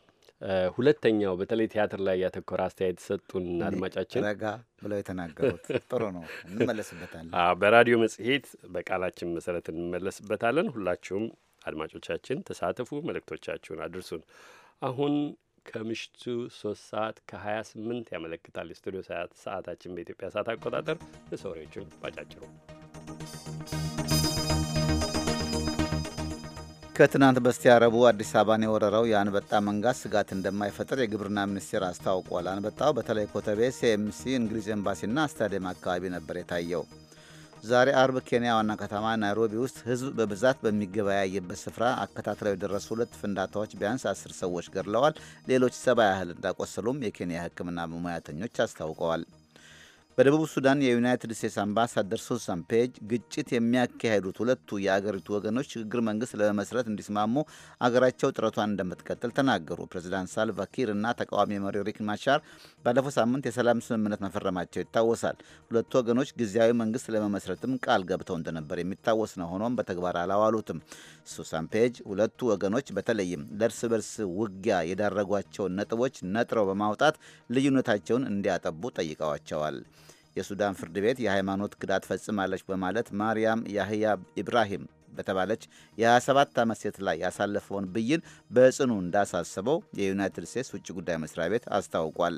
ሁለተኛው በተለይ ቲያትር ላይ ያተኮረ አስተያየት ሰጡን አድማጫችን። ረጋ ብለው የተናገሩት ጥሩ ነው፣ እንመለስበታለን። በራዲዮ መጽሔት በቃላችን መሰረት እንመለስበታለን። ሁላችሁም አድማጮቻችን ተሳተፉ፣ መልእክቶቻችሁን አድርሱን። አሁን ከምሽቱ ሶስት ሰዓት ከሀያ ስምንት ያመለክታል የስቱዲዮ ሰዓታችን በኢትዮጵያ ሰዓት አቆጣጠር። ለሰውሬዎቹን ባጫጭሩ ከትናንት በስቲያ ረቡዕ አዲስ አበባን የወረረው የአንበጣ መንጋ ስጋት እንደማይፈጥር የግብርና ሚኒስቴር አስታውቋል። አንበጣው በተለይ ኮተቤ፣ ሲኤምሲ፣ እንግሊዝ ኤምባሲና ስታዲየም አካባቢ ነበር የታየው። ዛሬ አርብ ኬንያ ዋና ከተማ ናይሮቢ ውስጥ ሕዝብ በብዛት በሚገበያይበት ስፍራ አከታትለው የደረሱ ሁለት ፍንዳታዎች ቢያንስ አስር ሰዎች ገድለዋል፣ ሌሎች ሰባ ያህል እንዳቆሰሉም የኬንያ ሕክምና ሙያተኞች አስታውቀዋል። በደቡብ ሱዳን የዩናይትድ ስቴትስ አምባሳደር ሱሳን ፔጅ ግጭት የሚያካሄዱት ሁለቱ የአገሪቱ ወገኖች ሽግግር መንግስት ለመመስረት እንዲስማሙ አገራቸው ጥረቷን እንደምትቀጥል ተናገሩ። ፕሬዚዳንት ሳልቫኪር እና ተቃዋሚ መሪ ሪክ ማሻር ባለፈው ሳምንት የሰላም ስምምነት መፈረማቸው ይታወሳል። ሁለቱ ወገኖች ጊዜያዊ መንግስት ለመመስረትም ቃል ገብተው እንደነበር የሚታወስ ነው። ሆኖም በተግባር አላዋሉትም። ሱሳን ፔጅ ሁለቱ ወገኖች በተለይም ለእርስ በርስ ውጊያ የዳረጓቸውን ነጥቦች ነጥረው በማውጣት ልዩነታቸውን እንዲያጠቡ ጠይቀዋቸዋል። የሱዳን ፍርድ ቤት የሃይማኖት ክዳት ፈጽማለች በማለት ማርያም ያህያ ኢብራሂም በተባለች የ27 ዓመት ሴት ላይ ያሳለፈውን ብይን በጽኑ እንዳሳሰበው የዩናይትድ ስቴትስ ውጭ ጉዳይ መስሪያ ቤት አስታውቋል።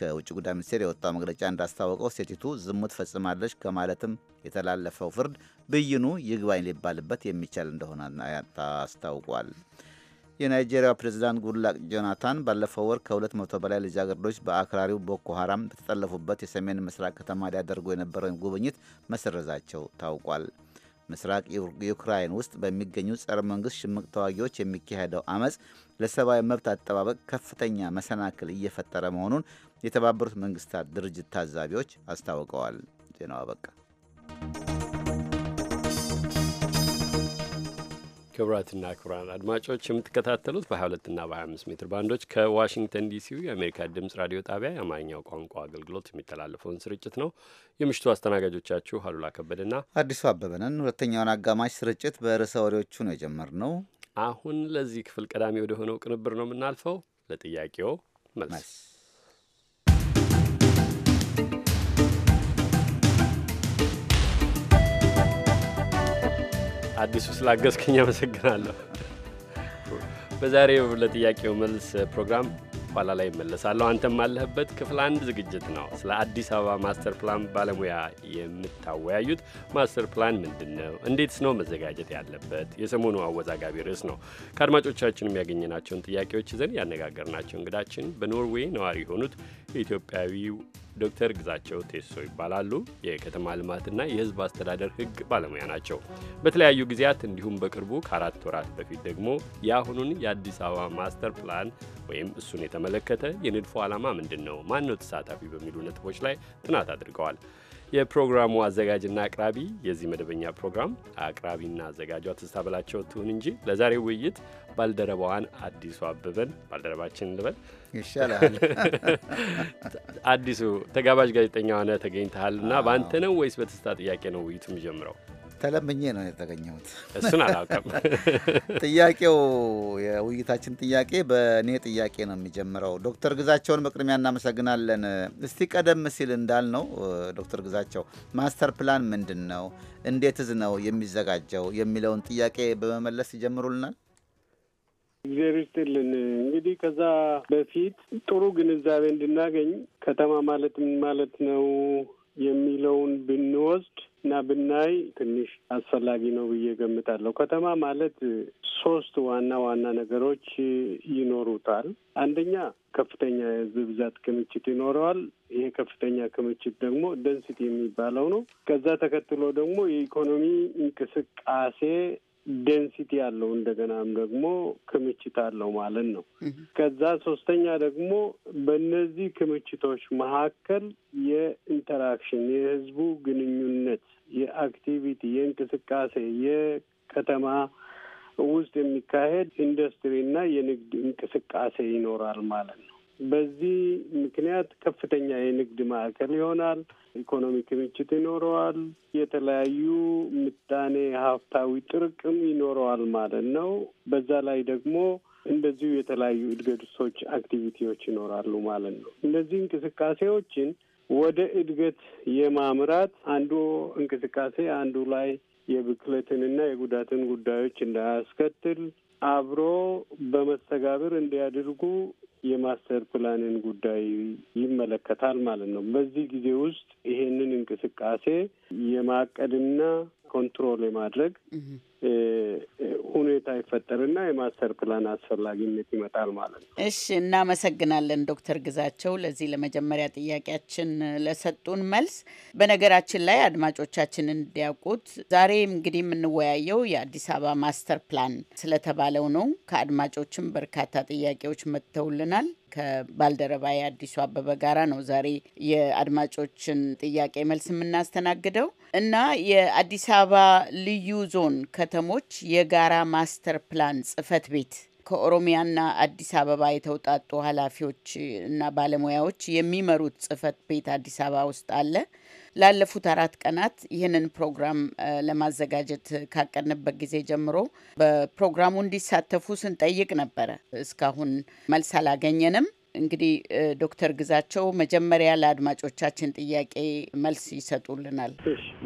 ከውጭ ጉዳይ ሚኒስቴር የወጣው መግለጫ እንዳስታወቀው ሴቲቱ ዝሙት ፈጽማለች ከማለትም የተላለፈው ፍርድ ብይኑ ይግባኝ ሊባልበት የሚቻል እንደሆነ አስታውቋል። የናይጄሪያ ፕሬዝዳንት ጉድላቅ ጆናታን ባለፈው ወር ከሁለት መቶ በላይ ልጃገረዶች በአክራሪው ቦኮ ሀራም በተጠለፉበት የሰሜን ምስራቅ ከተማ ሊያደርጉ የነበረውን ጉብኝት መሰረዛቸው ታውቋል። ምስራቅ ዩክራይን ውስጥ በሚገኙ ጸረ መንግስት ሽምቅ ተዋጊዎች የሚካሄደው አመፅ ለሰብአዊ መብት አጠባበቅ ከፍተኛ መሰናክል እየፈጠረ መሆኑን የተባበሩት መንግስታት ድርጅት ታዛቢዎች አስታውቀዋል። ዜናው አበቃ። ክቡራትና ክቡራን አድማጮች የምትከታተሉት በ22ና በ25 ሜትር ባንዶች ከዋሽንግተን ዲሲው የአሜሪካ ድምፅ ራዲዮ ጣቢያ የአማርኛው ቋንቋ አገልግሎት የሚተላለፈውን ስርጭት ነው። የምሽቱ አስተናጋጆቻችሁ አሉላ ከበደና አዲሱ አበበነን። ሁለተኛውን አጋማሽ ስርጭት በርዕሰ ወሬዎቹ ነው የጀመርነው። አሁን ለዚህ ክፍል ቀዳሚ ወደሆነው ቅንብር ነው የምናልፈው። ለጥያቄው መልስ አዲሱ ስላገዝክኝ አመሰግናለሁ። በዛሬው ለጥያቄው መልስ ፕሮግራም ኋላ ላይ ይመለሳለሁ። አንተም አለህበት ክፍል አንድ ዝግጅት ነው። ስለ አዲስ አበባ ማስተር ፕላን ባለሙያ የምታወያዩት ማስተር ፕላን ምንድን ነው? እንዴትስ ነው መዘጋጀት ያለበት? የሰሞኑ አወዛጋቢ ርዕስ ነው። ከአድማጮቻችን የሚያገኘናቸውን ጥያቄዎች ይዘን ያነጋገርናቸው እንግዳችን በኖርዌይ ነዋሪ የሆኑት የኢትዮጵያዊው ዶክተር ግዛቸው ቴሶ ይባላሉ። የከተማ ልማትና የሕዝብ አስተዳደር ሕግ ባለሙያ ናቸው። በተለያዩ ጊዜያት እንዲሁም በቅርቡ ከአራት ወራት በፊት ደግሞ የአሁኑን የአዲስ አበባ ማስተር ፕላን ወይም እሱን የተመለከተ የንድፎ ዓላማ ምንድን ነው፣ ማን ነው ተሳታፊ በሚሉ ነጥቦች ላይ ጥናት አድርገዋል። የፕሮግራሙ አዘጋጅና አቅራቢ የዚህ መደበኛ ፕሮግራም አቅራቢና አዘጋጇ ትዝታ በላቸው ትሁን እንጂ ለዛሬ ውይይት ባልደረባዋን አዲሱ አበበን ባልደረባችን ልበል ይሻላል። አዲሱ ተጋባዥ ጋዜጠኛ ሆነ እና በአንተ ነው ወይስ በትዝታ ጥያቄ ነው ውይይቱ የሚጀምረው? ተለምኜ ነው የተገኘሁት። እሱን አላውቅም። ጥያቄው የውይይታችን ጥያቄ በእኔ ጥያቄ ነው የሚጀምረው። ዶክተር ግዛቸውን በቅድሚያ እናመሰግናለን። እስቲ ቀደም ሲል እንዳልነው ዶክተር ግዛቸው ማስተር ፕላን ምንድን ነው፣ እንዴትዝ ነው የሚዘጋጀው የሚለውን ጥያቄ በመመለስ ይጀምሩልናል። እግዚአብሔር ይስጥልን። እንግዲህ ከዛ በፊት ጥሩ ግንዛቤ እንድናገኝ ከተማ ማለት ምን ማለት ነው የሚለውን ብንወስድ እና ብናይ ትንሽ አስፈላጊ ነው ብዬ ገምታለሁ። ከተማ ማለት ሶስት ዋና ዋና ነገሮች ይኖሩታል። አንደኛ ከፍተኛ የህዝብ ብዛት ክምችት ይኖረዋል። ይሄ ከፍተኛ ክምችት ደግሞ ደንሲቲ የሚባለው ነው። ከዛ ተከትሎ ደግሞ የኢኮኖሚ እንቅስቃሴ ደንሲቲ ያለው እንደገናም ደግሞ ክምችት አለው ማለት ነው። ከዛ ሶስተኛ ደግሞ በእነዚህ ክምችቶች መካከል የኢንተራክሽን የህዝቡ ግንኙነት የአክቲቪቲ የእንቅስቃሴ የከተማ ውስጥ የሚካሄድ ኢንዱስትሪና የንግድ እንቅስቃሴ ይኖራል ማለት ነው። በዚህ ምክንያት ከፍተኛ የንግድ ማዕከል ይሆናል። ኢኮኖሚ ክምችት ይኖረዋል። የተለያዩ ምጣኔ ሀብታዊ ጥርቅም ይኖረዋል ማለት ነው። በዛ ላይ ደግሞ እንደዚሁ የተለያዩ እድገቶች፣ አክቲቪቲዎች ይኖራሉ ማለት ነው። እነዚህ እንቅስቃሴዎችን ወደ እድገት የማምራት አንዱ እንቅስቃሴ አንዱ ላይ የብክለትንና የጉዳትን ጉዳዮች እንዳያስከትል አብሮ በመስተጋብር እንዲያደርጉ የማስተር ፕላንን ጉዳይ ይመለከታል ማለት ነው። በዚህ ጊዜ ውስጥ ይሄንን እንቅስቃሴ የማቀድና ኮንትሮል የማድረግ ሁኔታ ይፈጠርና የማስተር ፕላን አስፈላጊነት ይመጣል ማለት ነው። እሺ፣ እናመሰግናለን ዶክተር ግዛቸው ለዚህ ለመጀመሪያ ጥያቄያችን ለሰጡን መልስ። በነገራችን ላይ አድማጮቻችን እንዲያውቁት ዛሬ እንግዲህ የምንወያየው የአዲስ አበባ ማስተር ፕላን ስለተባለው ነው። ከአድማጮችም በርካታ ጥያቄዎች መጥተውልናል። ከባልደረባ የአዲሱ አበበ ጋራ ነው ዛሬ የአድማጮችን ጥያቄ መልስ የምናስተናግደው እና የአዲስ አበባ ልዩ ዞን ከተሞች የጋራ ማስተር ፕላን ጽህፈት ቤት ከኦሮሚያና አዲስ አበባ የተውጣጡ ኃላፊዎች እና ባለሙያዎች የሚመሩት ጽህፈት ቤት አዲስ አበባ ውስጥ አለ። ላለፉት አራት ቀናት ይህንን ፕሮግራም ለማዘጋጀት ካቀንበት ጊዜ ጀምሮ በፕሮግራሙ እንዲሳተፉ ስንጠይቅ ነበረ። እስካሁን መልስ አላገኘንም። እንግዲህ ዶክተር ግዛቸው መጀመሪያ ለአድማጮቻችን ጥያቄ መልስ ይሰጡልናል።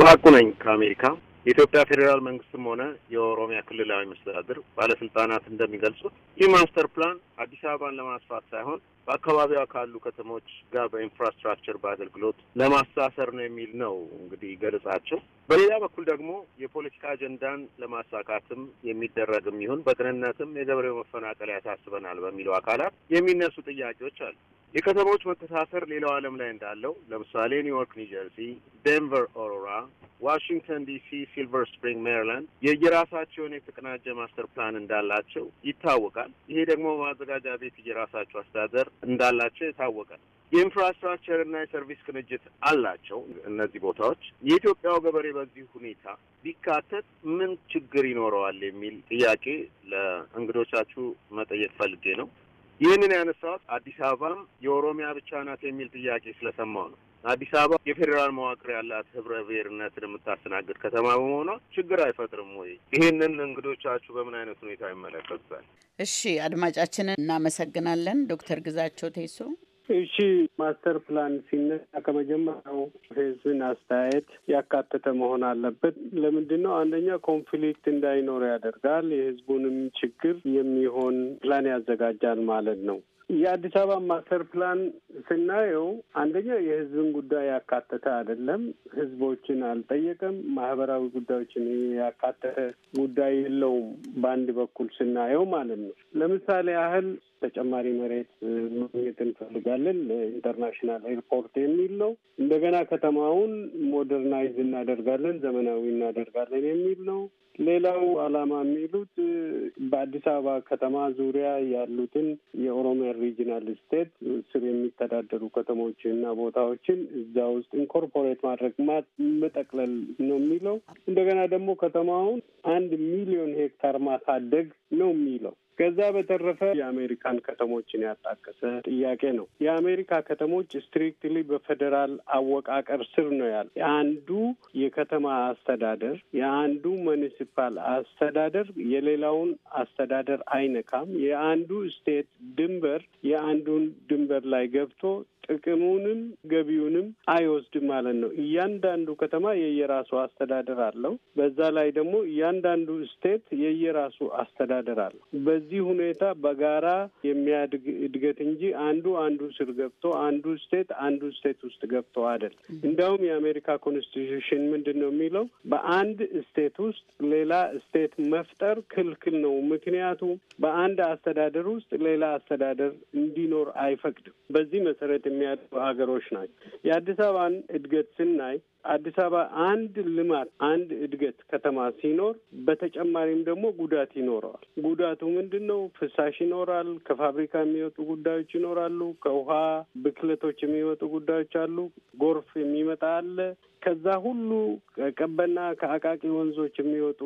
ባቁ ነኝ ከአሜሪካ። የኢትዮጵያ ፌዴራል መንግስትም ሆነ የኦሮሚያ ክልላዊ መስተዳድር ባለስልጣናት እንደሚገልጹት ይህ ማስተር ፕላን አዲስ አበባን ለማስፋት ሳይሆን በአካባቢዋ ካሉ ከተሞች ጋር በኢንፍራስትራክቸር በአገልግሎት ለማሳሰር ነው የሚል ነው እንግዲህ ገለጻቸው። በሌላ በኩል ደግሞ የፖለቲካ አጀንዳን ለማሳካትም የሚደረግም ይሁን በቅንነትም የገበሬው መፈናቀል ያሳስበናል በሚለው አካላት የሚነሱ ጥያቄዎች አሉ። የከተሞች መተሳሰር ሌላው ዓለም ላይ እንዳለው ለምሳሌ ኒውዮርክ፣ ኒውጀርሲ፣ ዴንቨር፣ ኦሮራ፣ ዋሽንግተን ዲሲ፣ ሲልቨር ስፕሪንግ፣ ሜሪላንድ የየራሳቸውን የተቀናጀ ማስተር ፕላን እንዳላቸው ይታወቃል። ይሄ ደግሞ ማዘጋጃ ቤት የራሳቸው አስተዳደር እንዳላቸው የታወቀ ነው። የኢንፍራስትራክቸር እና የሰርቪስ ቅንጅት አላቸው እነዚህ ቦታዎች። የኢትዮጵያው ገበሬ በዚህ ሁኔታ ቢካተት ምን ችግር ይኖረዋል የሚል ጥያቄ ለእንግዶቻችሁ መጠየቅ ፈልጌ ነው። ይህንን ያነሳሁት አዲስ አበባም የኦሮሚያ ብቻ ናት የሚል ጥያቄ ስለሰማው ነው። አዲስ አበባ የፌዴራል መዋቅር ያላት ህብረ ብሔርነትን የምታስተናግድ ከተማ በመሆኗ ችግር አይፈጥርም ወይ? ይህንን እንግዶቻችሁ በምን አይነት ሁኔታ ይመለከቱታል? እሺ አድማጫችንን እናመሰግናለን። ዶክተር ግዛቸው ቴሶ እሺ ማስተር ፕላን ሲነሳ ከመጀመሪያው ህዝብን አስተያየት ያካተተ መሆን አለበት። ለምንድን ነው? አንደኛ ኮንፍሊክት እንዳይኖር ያደርጋል። የህዝቡንም ችግር የሚሆን ፕላን ያዘጋጃል ማለት ነው። የአዲስ አበባ ማስተር ፕላን ስናየው አንደኛ የህዝብን ጉዳይ ያካተተ አይደለም። ህዝቦችን አልጠየቀም። ማህበራዊ ጉዳዮችን ያካተተ ጉዳይ የለውም። በአንድ በኩል ስናየው ማለት ነው። ለምሳሌ ያህል ተጨማሪ መሬት ማግኘት እንፈልጋለን ለኢንተርናሽናል ኤርፖርት የሚል ነው። እንደገና ከተማውን ሞደርናይዝ እናደርጋለን፣ ዘመናዊ እናደርጋለን የሚል ነው። ሌላው ዓላማ የሚሉት በአዲስ አበባ ከተማ ዙሪያ ያሉትን የኦሮሚያ ሪጂናል ስቴት ስር የሚተዳደሩ ከተሞችንና ቦታዎችን እዛ ውስጥ ኢንኮርፖሬት ማድረግ መጠቅለል ነው የሚለው። እንደገና ደግሞ ከተማውን አንድ ሚሊዮን ሄክታር ማሳደግ ነው የሚለው። ከዛ በተረፈ የአሜሪካን ከተሞችን ያጣቀሰ ጥያቄ ነው። የአሜሪካ ከተሞች ስትሪክትሊ በፌዴራል አወቃቀር ስር ነው ያለ። የአንዱ የከተማ አስተዳደር የአንዱ ሙኒሲፓል አስተዳደር የሌላውን አስተዳደር አይነካም። የአንዱ ስቴት ድንበር የአንዱን ድንበር ላይ ገብቶ ጥቅሙንም ገቢውንም አይወስድም ማለት ነው። እያንዳንዱ ከተማ የየራሱ አስተዳደር አለው። በዛ ላይ ደግሞ እያንዳንዱ ስቴት የየራሱ አስተዳደር አለው። በዚህ ሁኔታ በጋራ የሚያድግ እድገት እንጂ አንዱ አንዱ ስር ገብቶ አንዱ ስቴት አንዱ ስቴት ውስጥ ገብቶ አይደል። እንዲያውም የአሜሪካ ኮንስቲቱሽን ምንድን ነው የሚለው በአንድ ስቴት ውስጥ ሌላ ስቴት መፍጠር ክልክል ነው። ምክንያቱም በአንድ አስተዳደር ውስጥ ሌላ አስተዳደር እንዲኖር አይፈቅድም። በዚህ መሰረት የሚያድጉ ሀገሮች ናቸው። የአዲስ አበባን እድገት ስናይ አዲስ አበባ አንድ ልማት አንድ እድገት ከተማ ሲኖር በተጨማሪም ደግሞ ጉዳት ይኖረዋል። ጉዳቱ ምንድን ነው? ፍሳሽ ይኖራል። ከፋብሪካ የሚወጡ ጉዳዮች ይኖራሉ። ከውሃ ብክለቶች የሚወጡ ጉዳዮች አሉ። ጎርፍ የሚመጣ አለ። ከዛ ሁሉ ከቀበና ከአቃቂ ወንዞች የሚወጡ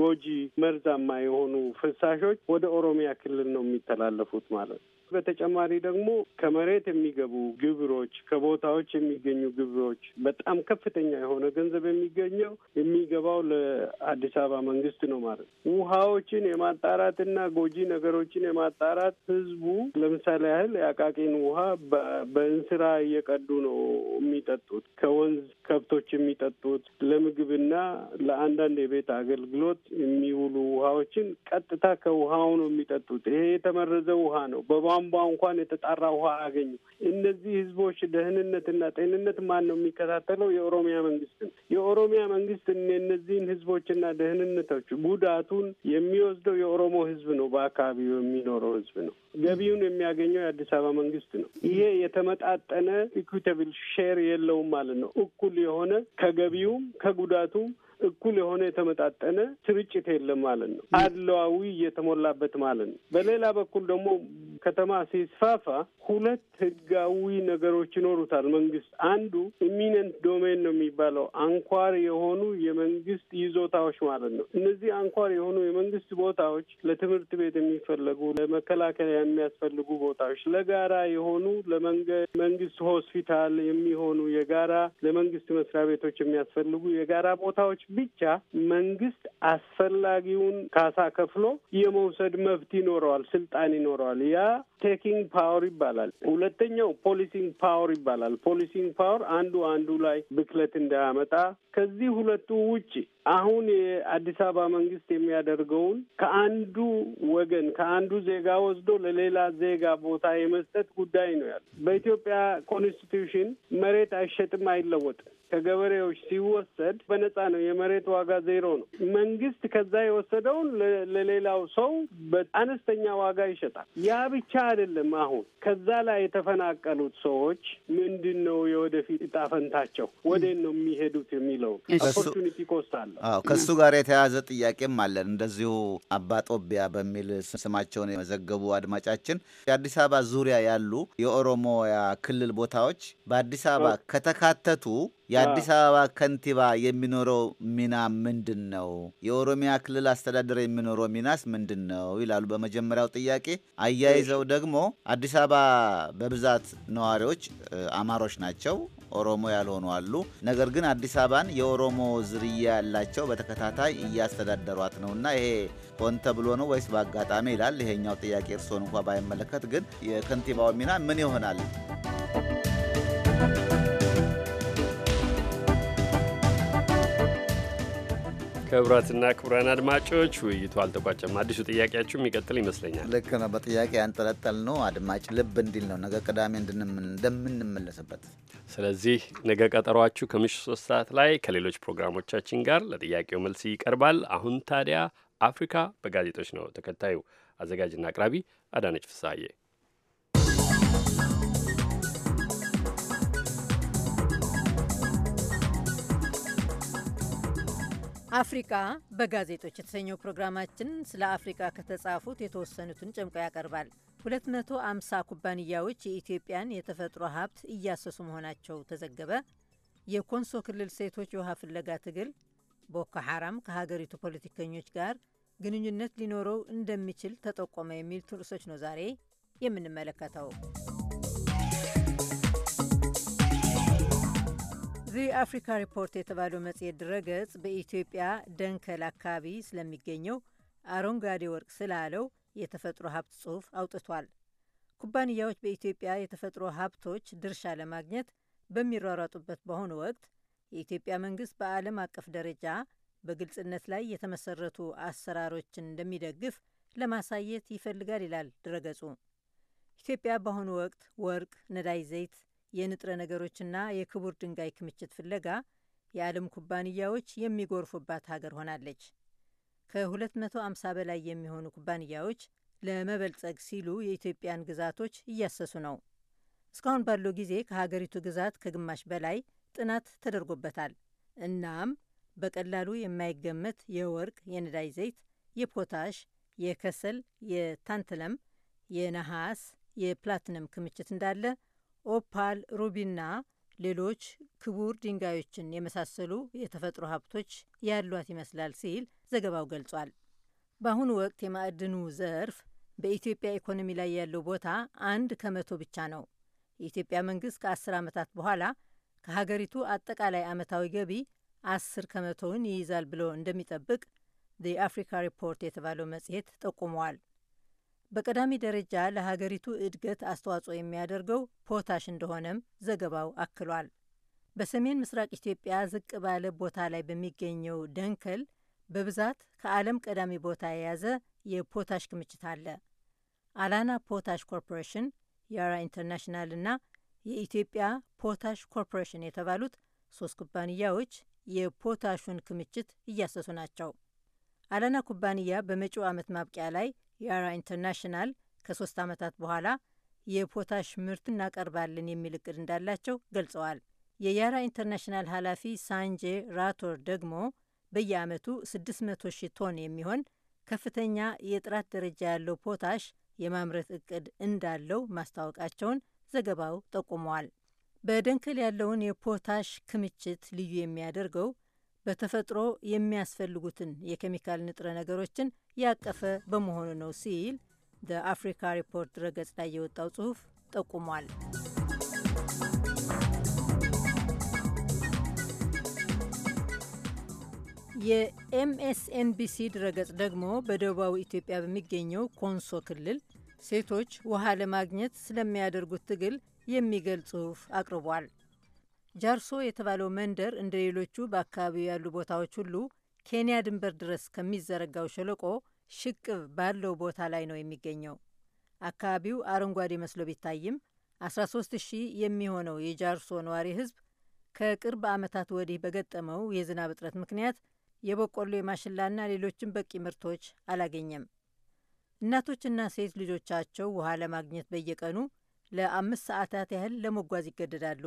ጎጂ መርዛማ የሆኑ ፍሳሾች ወደ ኦሮሚያ ክልል ነው የሚተላለፉት ማለት ነው። በተጨማሪ ደግሞ ከመሬት የሚገቡ ግብሮች፣ ከቦታዎች የሚገኙ ግብሮች በጣም ከፍተኛ የሆነ ገንዘብ የሚገኘው የሚገባው ለአዲስ አበባ መንግስት ነው ማለት ነው። ውሃዎችን የማጣራትና ጎጂ ነገሮችን የማጣራት ህዝቡ ለምሳሌ ያህል የአቃቂን ውሃ በእንስራ እየቀዱ ነው የሚጠጡት ከወንዝ ከብቶች የሚጠጡት ለምግብና ለአንዳንድ የቤት አገልግሎት የሚውሉ ውሃዎችን ቀጥታ ከውሃው ነው የሚጠጡት። ይሄ የተመረዘ ውሃ ነው በቧ ቧንቧ እንኳን የተጣራ ውሃ አያገኙ። እነዚህ ህዝቦች ደህንነትና ጤንነት ማን ነው የሚከታተለው? የኦሮሚያ መንግስት ነው። የኦሮሚያ መንግስት እነዚህን ህዝቦችና ደህንነቶች ጉዳቱን የሚወስደው የኦሮሞ ህዝብ ነው። በአካባቢው የሚኖረው ህዝብ ነው። ገቢውን የሚያገኘው የአዲስ አበባ መንግስት ነው። ይሄ የተመጣጠነ ኢኩዊታብል ሼር የለውም ማለት ነው። እኩል የሆነ ከገቢውም ከጉዳቱም እኩል የሆነ የተመጣጠነ ስርጭት የለም ማለት ነው። አድለዋዊ እየተሞላበት ማለት ነው። በሌላ በኩል ደግሞ ከተማ ሲስፋፋ ሁለት ህጋዊ ነገሮች ይኖሩታል መንግስት። አንዱ ኢሚነንት ዶሜን ነው የሚባለው አንኳር የሆኑ የመንግስት ይዞታዎች ማለት ነው። እነዚህ አንኳር የሆኑ የመንግስት ቦታዎች ለትምህርት ቤት የሚፈለጉ፣ ለመከላከያ የሚያስፈልጉ ቦታዎች፣ ለጋራ የሆኑ ለመንግስት ሆስፒታል የሚሆኑ የጋራ ለመንግስት መስሪያ ቤቶች የሚያስፈልጉ የጋራ ቦታዎች ብቻ መንግስት አስፈላጊውን ካሳ ከፍሎ የመውሰድ መብት ይኖረዋል፣ ስልጣን ይኖረዋል። ያ ቴኪንግ ፓወር ይባላል። ሁለተኛው ፖሊሲንግ ፓወር ይባላል። ፖሊሲንግ ፓወር አንዱ አንዱ ላይ ብክለት እንዳያመጣ ከዚህ ሁለቱ ውጪ አሁን የአዲስ አበባ መንግስት የሚያደርገውን ከአንዱ ወገን ከአንዱ ዜጋ ወስዶ ለሌላ ዜጋ ቦታ የመስጠት ጉዳይ ነው ያለ። በኢትዮጵያ ኮንስቲትዩሽን መሬት አይሸጥም፣ አይለወጥም። ከገበሬዎች ሲወሰድ በነጻ ነው። የመሬት ዋጋ ዜሮ ነው። መንግስት ከዛ የወሰደውን ለሌላው ሰው በአነስተኛ ዋጋ ይሸጣል። ያ ብቻ አይደለም። አሁን ከዛ ላይ የተፈናቀሉት ሰዎች ምንድን ነው የወደፊት እጣ ፈንታቸው፣ ነው የሚሄዱት የሚለው ኦፖርቹኒቲ ኮስት አለ። አለ። ከእሱ ጋር የተያያዘ ጥያቄም አለን። እንደዚሁ አባ ጦቢያ በሚል ስማቸውን የመዘገቡ አድማጫችን የአዲስ አበባ ዙሪያ ያሉ የኦሮሞያ ክልል ቦታዎች በአዲስ አበባ ከተካተቱ የአዲስ አበባ ከንቲባ የሚኖረው ሚና ምንድን ነው? የኦሮሚያ ክልል አስተዳደር የሚኖረው ሚናስ ምንድን ነው ይላሉ በመጀመሪያው ጥያቄ። አያይዘው ደግሞ አዲስ አበባ በብዛት ነዋሪዎች አማሮች ናቸው። ኦሮሞ ያልሆኑ አሉ። ነገር ግን አዲስ አበባን የኦሮሞ ዝርያ ያላቸው በተከታታይ እያስተዳደሯት ነውና ይሄ ሆን ተብሎ ነው ወይስ በአጋጣሚ ይላል ይሄኛው ጥያቄ። እርስዎን እንኳ ባይመለከት ግን የከንቲባው ሚና ምን ይሆናል? ክቡራትና ክቡራን አድማጮች ውይይቱ አልተቋጨም። አዲሱ ጥያቄያችሁ የሚቀጥል ይመስለኛል። ልክ ነው። በጥያቄ ያንጠለጠል ነው አድማጭ ልብ እንዲል ነው ነገ ቅዳሜ እንደምንመለስበት። ስለዚህ ነገ ቀጠሯችሁ ከምሽት ሶስት ሰዓት ላይ ከሌሎች ፕሮግራሞቻችን ጋር ለጥያቄው መልስ ይቀርባል። አሁን ታዲያ አፍሪካ በጋዜጦች ነው ተከታዩ። አዘጋጅና አቅራቢ አዳነች ፍሳዬ አፍሪካ በጋዜጦች የተሰኘው ፕሮግራማችን ስለ አፍሪካ ከተጻፉት የተወሰኑትን ጨምቆ ያቀርባል። 250 ኩባንያዎች የኢትዮጵያን የተፈጥሮ ሀብት እያሰሱ መሆናቸው ተዘገበ፣ የኮንሶ ክልል ሴቶች የውሃ ፍለጋ ትግል፣ ቦኮ ሐራም ከሀገሪቱ ፖለቲከኞች ጋር ግንኙነት ሊኖረው እንደሚችል ተጠቆመ፣ የሚሉት ርዕሶች ነው ዛሬ የምንመለከተው። ዚ አፍሪካ ሪፖርት የተባለው መጽሔት ድረገጽ በኢትዮጵያ ደንከል አካባቢ ስለሚገኘው አረንጓዴ ወርቅ ስላለው የተፈጥሮ ሀብት ጽሑፍ አውጥቷል። ኩባንያዎች በኢትዮጵያ የተፈጥሮ ሀብቶች ድርሻ ለማግኘት በሚሯሯጡበት በአሁኑ ወቅት የኢትዮጵያ መንግስት በዓለም አቀፍ ደረጃ በግልጽነት ላይ የተመሰረቱ አሰራሮችን እንደሚደግፍ ለማሳየት ይፈልጋል ይላል ድረገጹ። ኢትዮጵያ በአሁኑ ወቅት ወርቅ፣ ነዳጅ ዘይት፣ የንጥረ ነገሮችና የክቡር ድንጋይ ክምችት ፍለጋ የዓለም ኩባንያዎች የሚጎርፉባት ሀገር ሆናለች። ከ250 በላይ የሚሆኑ ኩባንያዎች ለመበልጸግ ሲሉ የኢትዮጵያን ግዛቶች እያሰሱ ነው። እስካሁን ባለው ጊዜ ከሀገሪቱ ግዛት ከግማሽ በላይ ጥናት ተደርጎበታል። እናም በቀላሉ የማይገመት የወርቅ፣ የነዳጅ ዘይት፣ የፖታሽ፣ የከሰል፣ የታንትለም፣ የነሐስ፣ የፕላቲነም ክምችት እንዳለ ኦፓል፣ ሩቢና ሌሎች ክቡር ድንጋዮችን የመሳሰሉ የተፈጥሮ ሀብቶች ያሏት ይመስላል ሲል ዘገባው ገልጿል። በአሁኑ ወቅት የማዕድኑ ዘርፍ በኢትዮጵያ ኢኮኖሚ ላይ ያለው ቦታ አንድ ከመቶ ብቻ ነው። የኢትዮጵያ መንግስት ከአስር ዓመታት በኋላ ከሀገሪቱ አጠቃላይ ዓመታዊ ገቢ አስር ከመቶውን ይይዛል ብሎ እንደሚጠብቅ ዘ አፍሪካ ሪፖርት የተባለው መጽሔት ጠቁመዋል። በቀዳሚ ደረጃ ለሀገሪቱ እድገት አስተዋጽኦ የሚያደርገው ፖታሽ እንደሆነም ዘገባው አክሏል። በሰሜን ምስራቅ ኢትዮጵያ ዝቅ ባለ ቦታ ላይ በሚገኘው ደንከል በብዛት ከዓለም ቀዳሚ ቦታ የያዘ የፖታሽ ክምችት አለ። አላና ፖታሽ ኮርፖሬሽን፣ ያራ ኢንተርናሽናል እና የኢትዮጵያ ፖታሽ ኮርፖሬሽን የተባሉት ሶስት ኩባንያዎች የፖታሹን ክምችት እያሰሱ ናቸው። አላና ኩባንያ በመጪው ዓመት ማብቂያ ላይ የአራ ኢንተርናሽናል ከሶስት ዓመታት በኋላ የፖታሽ ምርት እናቀርባለን የሚል እቅድ እንዳላቸው ገልጸዋል። የያራ ኢንተርናሽናል ኃላፊ ሳንጄ ራቶር ደግሞ በየዓመቱ 600 ሺህ ቶን የሚሆን ከፍተኛ የጥራት ደረጃ ያለው ፖታሽ የማምረት እቅድ እንዳለው ማስታወቃቸውን ዘገባው ጠቁመዋል። በደንከል ያለውን የፖታሽ ክምችት ልዩ የሚያደርገው በተፈጥሮ የሚያስፈልጉትን የኬሚካል ንጥረ ነገሮችን ያቀፈ በመሆኑ ነው ሲል በአፍሪካ ሪፖርት ድረገጽ ላይ የወጣው ጽሑፍ ጠቁሟል። የኤምኤስኤንቢሲ ድረገጽ ደግሞ በደቡባዊ ኢትዮጵያ በሚገኘው ኮንሶ ክልል ሴቶች ውሃ ለማግኘት ስለሚያደርጉት ትግል የሚገልጽ ጽሑፍ አቅርቧል። ጃርሶ የተባለው መንደር እንደ ሌሎቹ በአካባቢው ያሉ ቦታዎች ሁሉ ኬንያ ድንበር ድረስ ከሚዘረጋው ሸለቆ ሽቅብ ባለው ቦታ ላይ ነው የሚገኘው። አካባቢው አረንጓዴ መስሎ ቢታይም 13ሺህ የሚሆነው የጃርሶ ነዋሪ ህዝብ ከቅርብ ዓመታት ወዲህ በገጠመው የዝናብ እጥረት ምክንያት የበቆሎ የማሽላና ሌሎችም በቂ ምርቶች አላገኘም። እናቶችና ሴት ልጆቻቸው ውሃ ለማግኘት በየቀኑ ለአምስት ሰዓታት ያህል ለመጓዝ ይገደዳሉ።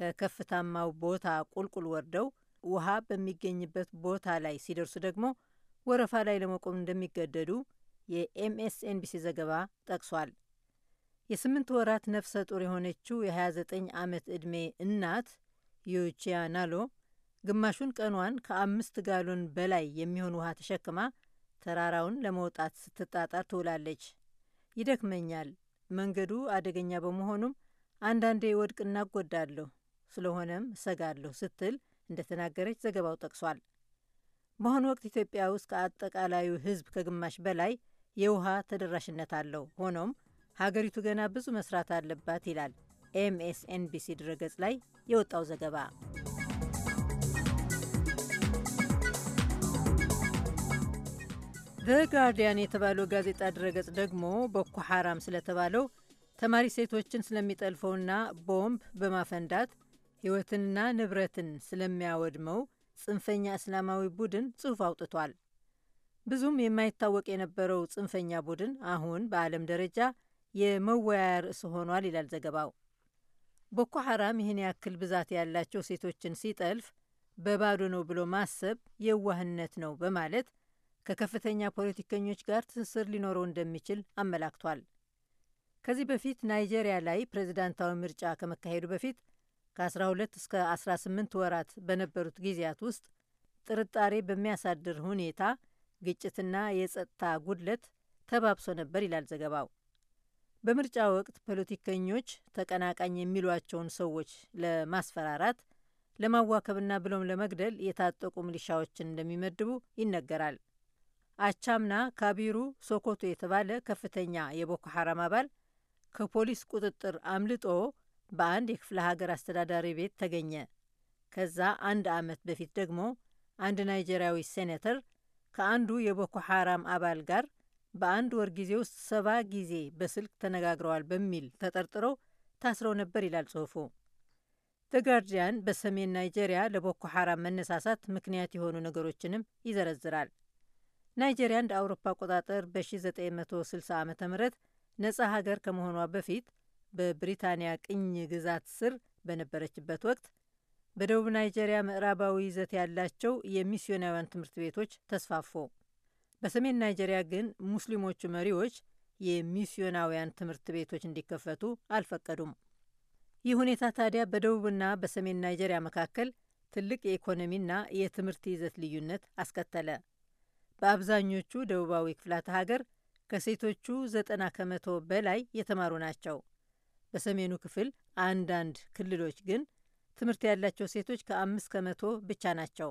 ከከፍታማው ቦታ ቁልቁል ወርደው ውሃ በሚገኝበት ቦታ ላይ ሲደርሱ ደግሞ ወረፋ ላይ ለመቆም እንደሚገደዱ የኤምኤስኤንቢሲ ዘገባ ጠቅሷል። የስምንት ወራት ነፍሰ ጡር የሆነችው የ29 ዓመት ዕድሜ እናት ዩቺያ ናሎ ግማሹን ቀኗን ከአምስት ጋሎን በላይ የሚሆን ውሃ ተሸክማ ተራራውን ለመውጣት ስትጣጣር ትውላለች። ይደክመኛል፣ መንገዱ አደገኛ በመሆኑም አንዳንዴ ወድቅና እናጎዳለሁ፣ ስለሆነም እሰጋለሁ ስትል እንደተናገረች ዘገባው ጠቅሷል። በአሁኑ ወቅት ኢትዮጵያ ውስጥ ከአጠቃላዩ ሕዝብ ከግማሽ በላይ የውሃ ተደራሽነት አለው። ሆኖም ሀገሪቱ ገና ብዙ መስራት አለባት ይላል ኤምኤስኤንቢሲ ድረገጽ ላይ የወጣው ዘገባ። ዘ ጋርዲያን የተባለው ጋዜጣ ድረገጽ ደግሞ ቦኮ ሐራም ስለተባለው ተማሪ ሴቶችን ስለሚጠልፈውና ቦምብ በማፈንዳት ሕይወትንና ንብረትን ስለሚያወድመው ጽንፈኛ እስላማዊ ቡድን ጽሑፍ አውጥቷል። ብዙም የማይታወቅ የነበረው ጽንፈኛ ቡድን አሁን በዓለም ደረጃ የመወያያ ርዕስ ሆኗል ይላል ዘገባው። ቦኮ ሐራም ይህን ያክል ብዛት ያላቸው ሴቶችን ሲጠልፍ በባዶ ነው ብሎ ማሰብ የዋህነት ነው በማለት ከከፍተኛ ፖለቲከኞች ጋር ትስስር ሊኖረው እንደሚችል አመላክቷል። ከዚህ በፊት ናይጄሪያ ላይ ፕሬዝዳንታዊ ምርጫ ከመካሄዱ በፊት ከ12 እስከ 18 ወራት በነበሩት ጊዜያት ውስጥ ጥርጣሬ በሚያሳድር ሁኔታ ግጭትና የጸጥታ ጉድለት ተባብሶ ነበር ይላል ዘገባው። በምርጫ ወቅት ፖለቲከኞች ተቀናቃኝ የሚሏቸውን ሰዎች ለማስፈራራት ለማዋከብና ብሎም ለመግደል የታጠቁ ሚሊሻዎችን እንደሚመድቡ ይነገራል። አቻምና ካቢሩ ሶኮቶ የተባለ ከፍተኛ የቦኮ ሐራም አባል ከፖሊስ ቁጥጥር አምልጦ በአንድ የክፍለ ሀገር አስተዳዳሪ ቤት ተገኘ። ከዛ አንድ ዓመት በፊት ደግሞ አንድ ናይጄሪያዊ ሴኔተር ከአንዱ የቦኮ ሐራም አባል ጋር በአንድ ወር ጊዜ ውስጥ ሰባ ጊዜ በስልክ ተነጋግረዋል በሚል ተጠርጥረው ታስረው ነበር ይላል ጽሑፉ። ዘ ጋርዲያን በሰሜን ናይጄሪያ ለቦኮ ሐራም መነሳሳት ምክንያት የሆኑ ነገሮችንም ይዘረዝራል። ናይጄሪያ እንደ አውሮፓ አቆጣጠር በ1960 ዓ ም ነጻ ሀገር ከመሆኗ በፊት በብሪታንያ ቅኝ ግዛት ስር በነበረችበት ወቅት በደቡብ ናይጄሪያ ምዕራባዊ ይዘት ያላቸው የሚስዮናውያን ትምህርት ቤቶች ተስፋፎ፣ በሰሜን ናይጄሪያ ግን ሙስሊሞቹ መሪዎች የሚስዮናውያን ትምህርት ቤቶች እንዲከፈቱ አልፈቀዱም። ይህ ሁኔታ ታዲያ በደቡብና በሰሜን ናይጄሪያ መካከል ትልቅ የኢኮኖሚና የትምህርት ይዘት ልዩነት አስከተለ። በአብዛኞቹ ደቡባዊ ክፍላተ ሀገር ከሴቶቹ ዘጠና ከመቶ በላይ የተማሩ ናቸው። በሰሜኑ ክፍል አንዳንድ ክልሎች ግን ትምህርት ያላቸው ሴቶች ከአምስት ከመቶ ብቻ ናቸው።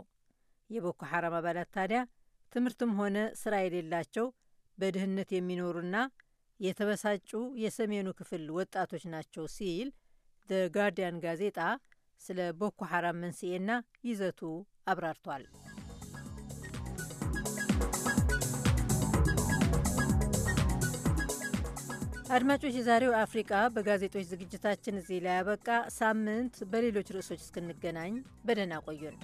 የቦኮ ሐራም አባላት ታዲያ ትምህርትም ሆነ ስራ የሌላቸው በድህነት የሚኖሩና የተበሳጩ የሰሜኑ ክፍል ወጣቶች ናቸው ሲል ደ ጋርዲያን ጋዜጣ ስለ ቦኮ ሐራም መንስኤና ይዘቱ አብራርቷል። አድማጮች፣ የዛሬው አፍሪቃ በጋዜጦች ዝግጅታችን እዚህ ላይ ያበቃ። ሳምንት በሌሎች ርዕሶች እስክንገናኝ በደህና ቆዩን።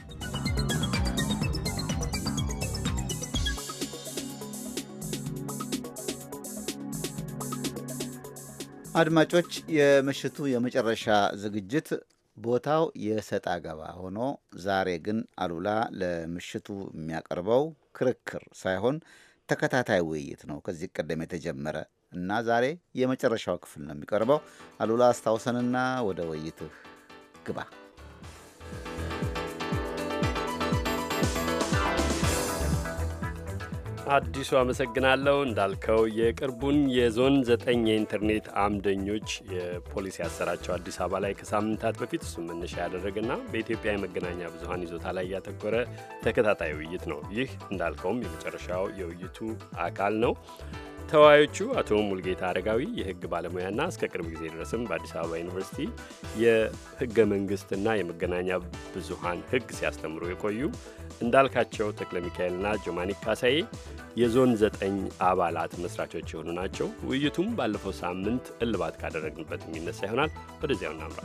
አድማጮች፣ የምሽቱ የመጨረሻ ዝግጅት ቦታው የሰጣ ገባ ሆኖ ዛሬ ግን አሉላ ለምሽቱ የሚያቀርበው ክርክር ሳይሆን ተከታታይ ውይይት ነው። ከዚህ ቀደም የተጀመረ እና ዛሬ የመጨረሻው ክፍል ነው የሚቀርበው። አሉላ አስታውሰንና ወደ ውይይትህ ግባ። አዲሱ አመሰግናለሁ። እንዳልከው የቅርቡን የዞን ዘጠኝ የኢንተርኔት አምደኞች የፖሊስ ያሰራቸው አዲስ አበባ ላይ ከሳምንታት በፊት እሱም መነሻ ያደረገና በኢትዮጵያ የመገናኛ ብዙኃን ይዞታ ላይ ያተኮረ ተከታታይ ውይይት ነው። ይህ እንዳልከውም የመጨረሻው የውይይቱ አካል ነው። ተወያዮቹ አቶ ሙልጌታ አረጋዊ የህግ ባለሙያና እስከ ቅርብ ጊዜ ድረስም በአዲስ አበባ ዩኒቨርሲቲ የህገ መንግስትና የመገናኛ ብዙሀን ህግ ሲያስተምሩ የቆዩ እንዳልካቸው ተክለ ሚካኤልና ጆማኒክ ካሳዬ የዞን ዘጠኝ አባላት መስራቾች የሆኑ ናቸው። ውይይቱም ባለፈው ሳምንት እልባት ካደረግንበት የሚነሳ ይሆናል። ወደዚያው እናምራ።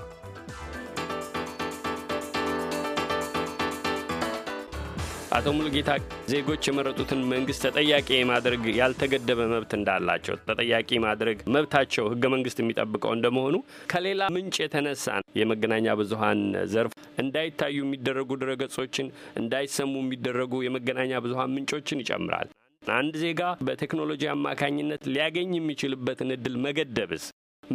አቶ ሙሉጌታ ዜጎች የመረጡትን መንግስት ተጠያቂ ማድረግ ያልተገደበ መብት እንዳላቸው ተጠያቂ ማድረግ መብታቸው ህገ መንግስት የሚጠብቀው እንደመሆኑ ከሌላ ምንጭ የተነሳ የመገናኛ ብዙሀን ዘርፍ እንዳይታዩ የሚደረጉ ድረገጾችን እንዳይሰሙ የሚደረጉ የመገናኛ ብዙሀን ምንጮችን ይጨምራል። አንድ ዜጋ በቴክኖሎጂ አማካኝነት ሊያገኝ የሚችልበትን እድል መገደብስ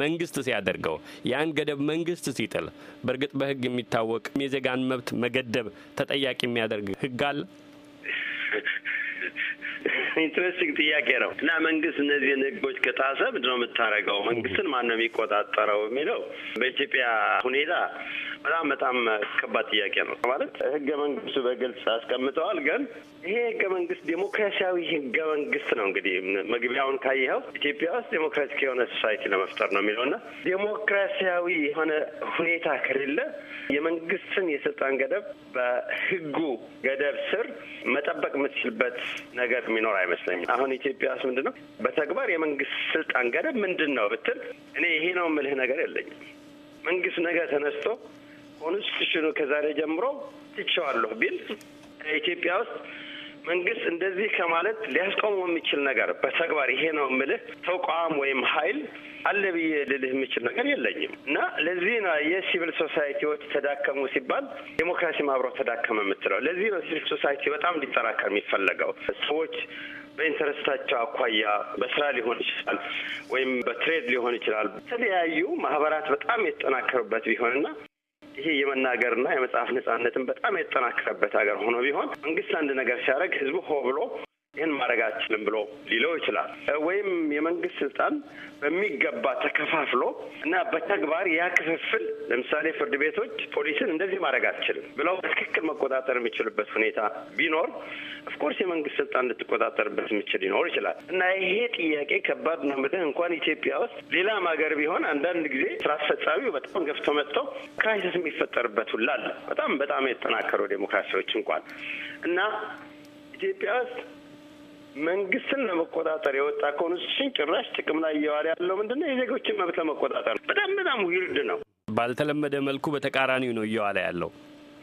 መንግስት ሲያደርገው ያን ገደብ መንግስት ሲጥል፣ በእርግጥ በህግ የሚታወቅ የዜጋን መብት መገደብ ተጠያቂ የሚያደርግ ህግ አለ። ኢንትረስቲንግ ጥያቄ ነው እና መንግስት እነዚህን ህጎች ከጣሰ ምንድን ነው የምታደርገው? መንግስትን ማን ነው የሚቆጣጠረው የሚለው በኢትዮጵያ ሁኔታ በጣም በጣም ከባድ ጥያቄ ነው። ማለት ህገ መንግስቱ በግልጽ አስቀምጠዋል፣ ግን ይሄ ህገ መንግስት ዴሞክራሲያዊ ህገ መንግስት ነው። እንግዲህ መግቢያውን ካየኸው ኢትዮጵያ ውስጥ ዴሞክራቲክ የሆነ ሶሳይቲ ለመፍጠር ነው የሚለው እና ዴሞክራሲያዊ የሆነ ሁኔታ ከሌለ የመንግስትን የስልጣን ገደብ በህጉ ገደብ ስር መጠበቅ የምትችልበት ነገር የሚኖር አይመስለኝም። አሁን ኢትዮጵያ ውስጥ ምንድን ነው በተግባር የመንግስት ስልጣን ገደብ ምንድን ነው ብትል እኔ ይሄ ነው የምልህ ነገር የለኝም። መንግስት ነገር ተነስቶ ኮንስቲቱሽኑ ከዛሬ ጀምሮ ትቼዋለሁ ቢል ኢትዮጵያ ውስጥ መንግስት እንደዚህ ከማለት ሊያስቆመው የሚችል ነገር በተግባር ይሄ ነው የምልህ ተቋም ወይም ሀይል አለ ብዬ ልልህ የሚችል ነገር የለኝም እና ለዚህ ነው የሲቪል ሶሳይቲዎች ተዳከሙ ሲባል ዴሞክራሲ ማብሮ ተዳከመ የምትለው። ለዚህ ነው ሲቪል ሶሳይቲ በጣም እንዲጠናከር የሚፈለገው ሰዎች በኢንተረስታቸው አኳያ በስራ ሊሆን ይችላል ወይም በትሬድ ሊሆን ይችላል። የተለያዩ ማህበራት በጣም የተጠናከሩበት ቢሆንና ይሄ የመናገርና የመጽሐፍ ነጻነትን በጣም የተጠናከረበት ሀገር ሆኖ ቢሆን መንግስት አንድ ነገር ሲያደርግ ህዝቡ ሆ ብሎ ይህን ማድረግ አልችልም ብሎ ሊለው ይችላል። ወይም የመንግስት ስልጣን በሚገባ ተከፋፍሎ እና በተግባር ያ ክፍፍል ለምሳሌ ፍርድ ቤቶች ፖሊስን እንደዚህ ማድረግ አልችልም ብለው በትክክል መቆጣጠር የሚችልበት ሁኔታ ቢኖር ኦፍኮርስ የመንግስት ስልጣን እንድትቆጣጠርበት የሚችል ሊኖር ይችላል እና ይሄ ጥያቄ ከባድ ነው የምልህ እንኳን ኢትዮጵያ ውስጥ ሌላም ሀገር ቢሆን አንዳንድ ጊዜ ስራ አስፈጻሚው በጣም ገፍቶ መጥቶ ክራይሲስ የሚፈጠርበት ሁላ አለ። በጣም በጣም የተጠናከሩ ዴሞክራሲዎች እንኳን እና ኢትዮጵያ ውስጥ መንግስትን ለመቆጣጠር የወጣ ኮንስቲቱሽን ጭራሽ ጥቅም ላይ እየዋለ ያለው ነው? የዜጎችን መብት ለመቆጣጠር በጣም በጣም ዊርድ ነው። ባልተለመደ መልኩ በተቃራኒው ነው እየዋለ ያለው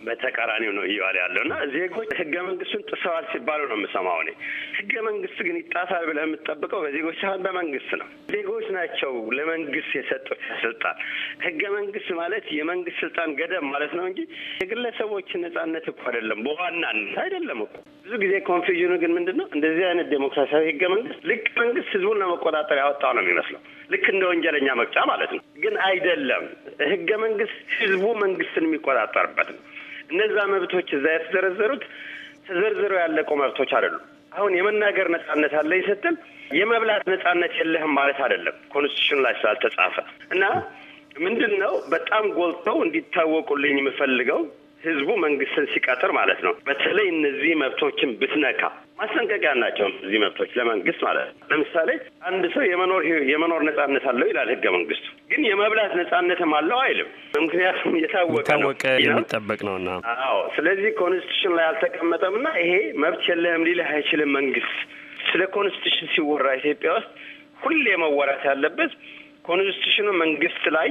በተቃራኒው ነው እየዋለ ያለው እና ዜጎች ህገ መንግስቱን ጥሰዋል ሲባሉ ነው የምሰማው እኔ። ህገ መንግስት ግን ይጣሳል ብለህ የምትጠብቀው በዜጎች ሳይሆን በመንግስት ነው። ዜጎች ናቸው ለመንግስት የሰጡት ስልጣን። ህገ መንግስት ማለት የመንግስት ስልጣን ገደብ ማለት ነው እንጂ የግለሰቦችን ነጻነት እኮ አይደለም። በዋናነት አይደለም እኮ ብዙ ጊዜ ኮንፊውዥኑ ግን ምንድን ነው? እንደዚህ አይነት ዴሞክራሲያዊ ህገ መንግስት ልክ መንግስት ህዝቡን ለመቆጣጠር ያወጣው ነው የሚመስለው። ልክ እንደ ወንጀለኛ መቅጫ ማለት ነው። ግን አይደለም። ህገ መንግስት ህዝቡ መንግስትን የሚቆጣጠርበት ነው። እነዛ መብቶች እዛ የተዘረዘሩት ተዘርዝረው ያለቁ መብቶች አይደሉም። አሁን የመናገር ነጻነት አለኝ ስትል የመብላት ነጻነት የለህም ማለት አይደለም። ኮንስቲቱሽን ላይ ስላልተጻፈ እና ምንድን ነው በጣም ጎልተው እንዲታወቁልኝ የምፈልገው ህዝቡ መንግስትን ሲቀጥር ማለት ነው። በተለይ እነዚህ መብቶችን ብትነካ ማስጠንቀቂያ ናቸው። እነዚህ መብቶች ለመንግስት ማለት ነው። ለምሳሌ አንድ ሰው የመኖር የመኖር ነጻነት አለው ይላል ህገ መንግስቱ፣ ግን የመብላት ነጻነትም አለው አይልም። ምክንያቱም የታወቀ ነው የሚጠበቅ ነውና። አዎ፣ ስለዚህ ኮንስቲቱሽን ላይ አልተቀመጠምና ይሄ መብት የለህም ሊልህ አይችልም መንግስት። ስለ ኮንስቲቱሽን ሲወራ ኢትዮጵያ ውስጥ ሁሌ መወራት ያለበት ኮንስቲቱሽኑ መንግስት ላይ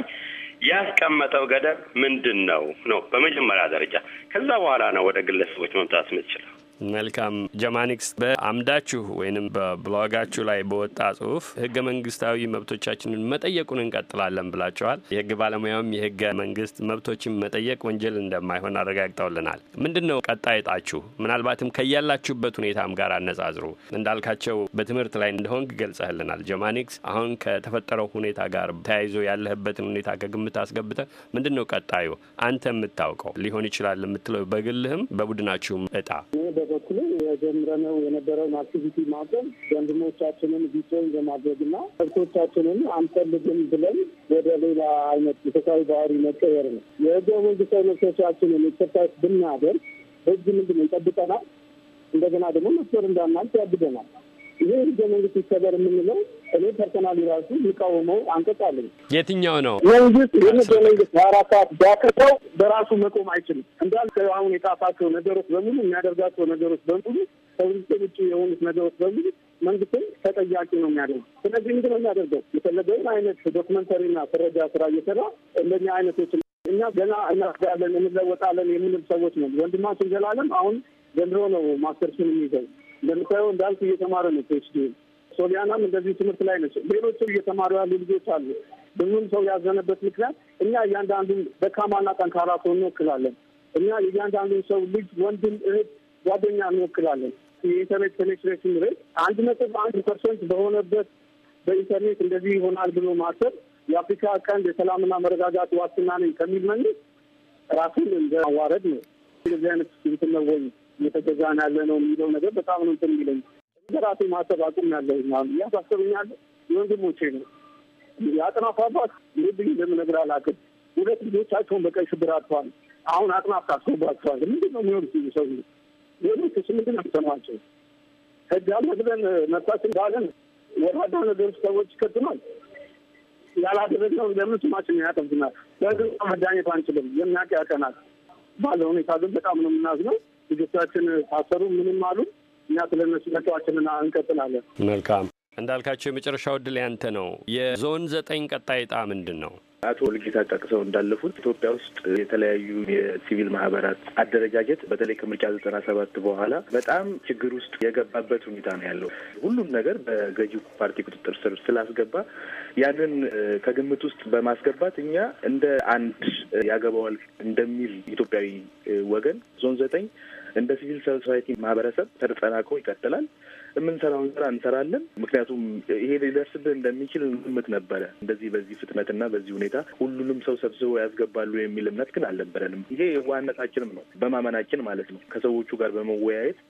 ያስቀመጠው ገደብ ምንድን ነው ነው በመጀመሪያ ደረጃ። ከዛ በኋላ ነው ወደ ግለሰቦች መምጣት የምትችለው። መልካም ጀማኒክስ፣ በአምዳችሁ ወይም በብሎጋችሁ ላይ በወጣ ጽሁፍ ህገ መንግስታዊ መብቶቻችንን መጠየቁን እንቀጥላለን ብላቸዋል። የህግ ባለሙያውም የህገ መንግስት መብቶችን መጠየቅ ወንጀል እንደማይሆን አረጋግጠውልናል። ምንድን ነው ቀጣይ እጣችሁ? ምናልባትም ከያላችሁበት ሁኔታም ጋር አነጻጽሩ። እንዳልካቸው በትምህርት ላይ እንደሆንክ ገልጸህልናል። ጀማኒክስ፣ አሁን ከተፈጠረው ሁኔታ ጋር ተያይዞ ያለህበትን ሁኔታ ከግምት አስገብተ ምንድን ነው ቀጣዩ አንተ የምታውቀው ሊሆን ይችላል የምትለው በግልህም በቡድናችሁም እጣ በበኩሌ የጀምረነው የነበረውን አክቲቪቲ ማቆም ወንድሞቻችንን በማድረግ በማድረግና መብቶቻችንን አንፈልግም ብለን ወደ ሌላ አይነት የተሳዊ ባህሪ መቀየር ነው። የህገ መንግስታዊ መብቶቻችንን ኤክሰርሳይዝ ብናደርግ ህግ ምንድን ይጠብቀናል፣ እንደገና ደግሞ መስበር እንዳናል ያግደናል። ይህ ህገ መንግስት ይከበር የምንለው እኔ ፐርሰናሊ ራሱ የሚቃወመው አንቀጽ አለኝ። የትኛው ነው? መንግስት ይህን ህገ መንግስት ሀያ ሰዓት ቢያከብረው በራሱ መቆም አይችልም። እንዳልከው አሁን የጻፋቸው ነገሮች በሙሉ የሚያደርጋቸው ነገሮች በሙሉ ከውስጥ ውጭ የሆኑት ነገሮች በሙሉ መንግስትን ተጠያቂ ነው የሚያደርጉ። ስለዚህ ምንድን ነው የሚያደርገው? የፈለገውን አይነት ዶክመንተሪና ፍረጃ ስራ እየሰራ እንደኛ አይነቶች እኛ ገና እናድጋለን እንለወጣለን የምንል ሰዎች ነው። ወንድማችን ዘላለም አሁን ዘንድሮ ነው ማስተርሽን የሚይዘው እንደምታየው እንዳልኩ እየተማረ ነው ስ ሶሊያናም እንደዚህ ትምህርት ላይ ነች። ሰው እየተማሩ ያሉ ልጆች አሉ። ብዙም ሰው ያዘነበት ምክንያት እኛ እያንዳንዱን ደካማና ጠንካራ ሰው እንወክላለን። እኛ የእያንዳንዱን ሰው ልጅ፣ ወንድም፣ እህት፣ ጓደኛ እንወክላለን። የኢንተርኔት ፔኔትሬሽን ሬት አንድ ነጥብ አንድ ፐርሰንት በሆነበት በኢንተርኔት እንደዚህ ይሆናል ብሎ ማሰብ የአፍሪካ ቀንድ የሰላምና መረጋጋት ዋስትና ነኝ ከሚል መንግስት ራሱን እንደ አዋረድ ነው። እንደዚህ አይነት እንትን እየተገዛን ያለ ነው የሚለው ነገር በጣም ነው እንትን የሚለኝ። በራሴ ማሰብ አቁም ያለሁ እያሳሰብኛለ የወንድሞቼ ነው የአጥናፍ አባት ልብ እንደምነግር አላውቅም። ሁለት ልጆቻቸውን በቀይ ሽብር አጥተዋል። አሁን አጥናፍ ታስሮባቸዋል። ምንድን ነው የሚሆኑት? ሰው ሌሎች ስ ምንድን ነው ህግ አለ ብለን መብታችን ባለን ወራዳ ነገር ሰዎች ይከትናል። ያላደረግነው ለምን ስማችን ያጠብናል? በግልጽ መዳኘት አንችልም። የሚያቅ ያቀናል ባለ ሁኔታ ግን በጣም ነው የምናዝነው። ልጆቻችን ታሰሩ ምንም አሉ። እኛ ስለነሱ መጫዋችንን እንቀጥላለን። መልካም እንዳልካቸው የመጨረሻው እድል ያንተ ነው። የዞን ዘጠኝ ቀጣይ ዕጣ ምንድን ነው? አቶ ልጌታ ጠቅሰው እንዳለፉት ኢትዮጵያ ውስጥ የተለያዩ የሲቪል ማህበራት አደረጃጀት በተለይ ከምርጫ ዘጠና ሰባት በኋላ በጣም ችግር ውስጥ የገባበት ሁኔታ ነው ያለው። ሁሉም ነገር በገዢው ፓርቲ ቁጥጥር ስር ስላስገባ ያንን ከግምት ውስጥ በማስገባት እኛ እንደ አንድ ያገባዋል እንደሚል ኢትዮጵያዊ ወገን ዞን ዘጠኝ እንደ ሲቪል ሶሳይቲ ማህበረሰብ ተጠናክሮ ይቀጥላል። የምንሰራውን ስራ እንሰራለን። ምክንያቱም ይሄ ሊደርስብን እንደሚችል ግምት ነበረ። እንደዚህ በዚህ ፍጥነትና በዚህ ሁኔታ ሁሉንም ሰው ሰብስቦ ያስገባሉ የሚል እምነት ግን አልነበረንም። ይሄ ዋነታችንም ነው፣ በማመናችን ማለት ነው። ከሰዎቹ ጋር በመወያየት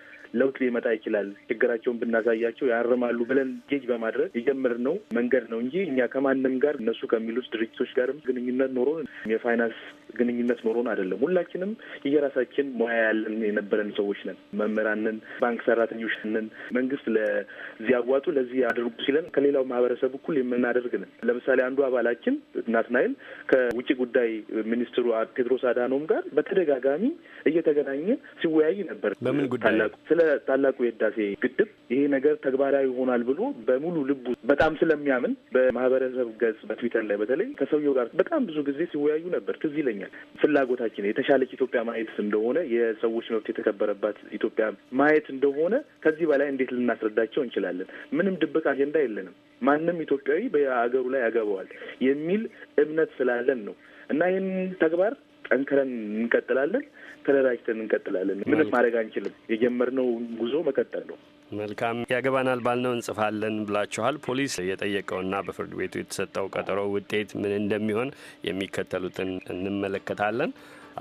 ለውጥ ሊመጣ ይችላል፣ ችግራቸውን ብናሳያቸው ያርማሉ ብለን ጌጅ በማድረግ የጀመርነው መንገድ ነው እንጂ እኛ ከማንም ጋር እነሱ ከሚሉት ድርጅቶች ጋርም ግንኙነት ኖሮን የፋይናንስ ግንኙነት ኖሮን አይደለም። ሁላችንም እየራሳችን ሙያ ያለን የነበረን ሰዎች ነን። መምህራንን፣ ባንክ ሰራተኞች ነን። መንግስት ለዚህ አዋጡ፣ ለዚህ አድርጉ ሲለን ከሌላው ማህበረሰብ እኩል የምናደርግ ነን። ለምሳሌ አንዱ አባላችን ናትናኤል ከውጭ ጉዳይ ሚኒስትሩ ቴድሮስ አዳኖም ጋር በተደጋጋሚ እየተገናኘ ሲወያይ ነበር። በምን ጉዳይ? ስለ ታላቁ የህዳሴ ግድብ ይሄ ነገር ተግባራዊ ይሆናል ብሎ በሙሉ ልቡ በጣም ስለሚያምን በማህበረሰብ ገጽ በትዊተር ላይ በተለይ ከሰውየው ጋር በጣም ብዙ ጊዜ ሲወያዩ ነበር። ትዝ ይለኛል። ፍላጎታችን የተሻለች ኢትዮጵያ ማየት እንደሆነ፣ የሰዎች መብት የተከበረባት ኢትዮጵያ ማየት እንደሆነ ከዚህ በላይ እንዴት ልናስረዳቸው እንችላለን? ምንም ድብቅ አጀንዳ የለንም። ማንም ኢትዮጵያዊ በሀገሩ ላይ ያገባዋል የሚል እምነት ስላለን ነው እና ይህን ተግባር ጠንክረን እንቀጥላለን። ተደራጅተን እንቀጥላለን። ምንም ማድረግ አንችልም። የጀመርነው ጉዞ መቀጠል ነው። መልካም ያገባናል ባልነው እንጽፋለን ብላችኋል። ፖሊስ የጠየቀውና በፍርድ ቤቱ የተሰጠው ቀጠሮ ውጤት ምን እንደሚሆን የሚከተሉትን እንመለከታለን።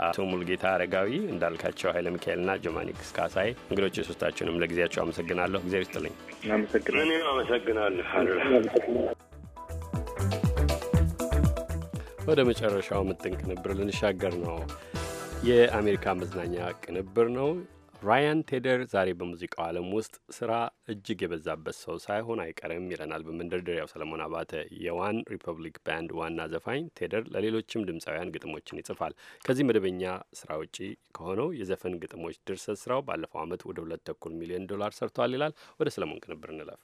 አቶ ሙልጌታ አረጋዊ፣ እንዳልካቸው ኃይለ ሚካኤልና ጆማኒክስ ካሳይ እንግዶች የሶስታችሁንም ለጊዜያቸው አመሰግናለሁ። እግዚአብሔር ይስጥልኝ። እኔም አመሰግናለሁ። ወደ መጨረሻው ምጥን ቅንብር ልንሻገር ነው። የአሜሪካ መዝናኛ ቅንብር ነው። ራያን ቴደር ዛሬ በሙዚቃው ዓለም ውስጥ ስራ እጅግ የበዛበት ሰው ሳይሆን አይቀርም ይለናል በመንደርደሪያው ሰለሞን አባተ። የዋን ሪፐብሊክ ባንድ ዋና ዘፋኝ ቴደር ለሌሎችም ድምፃውያን ግጥሞችን ይጽፋል። ከዚህ መደበኛ ስራ ውጪ ከሆነው የዘፈን ግጥሞች ድርሰት ስራው ባለፈው ዓመት ወደ ሁለት ተኩል ሚሊዮን ዶላር ሰርቷል ይላል። ወደ ሰለሞን ቅንብር እንለፍ።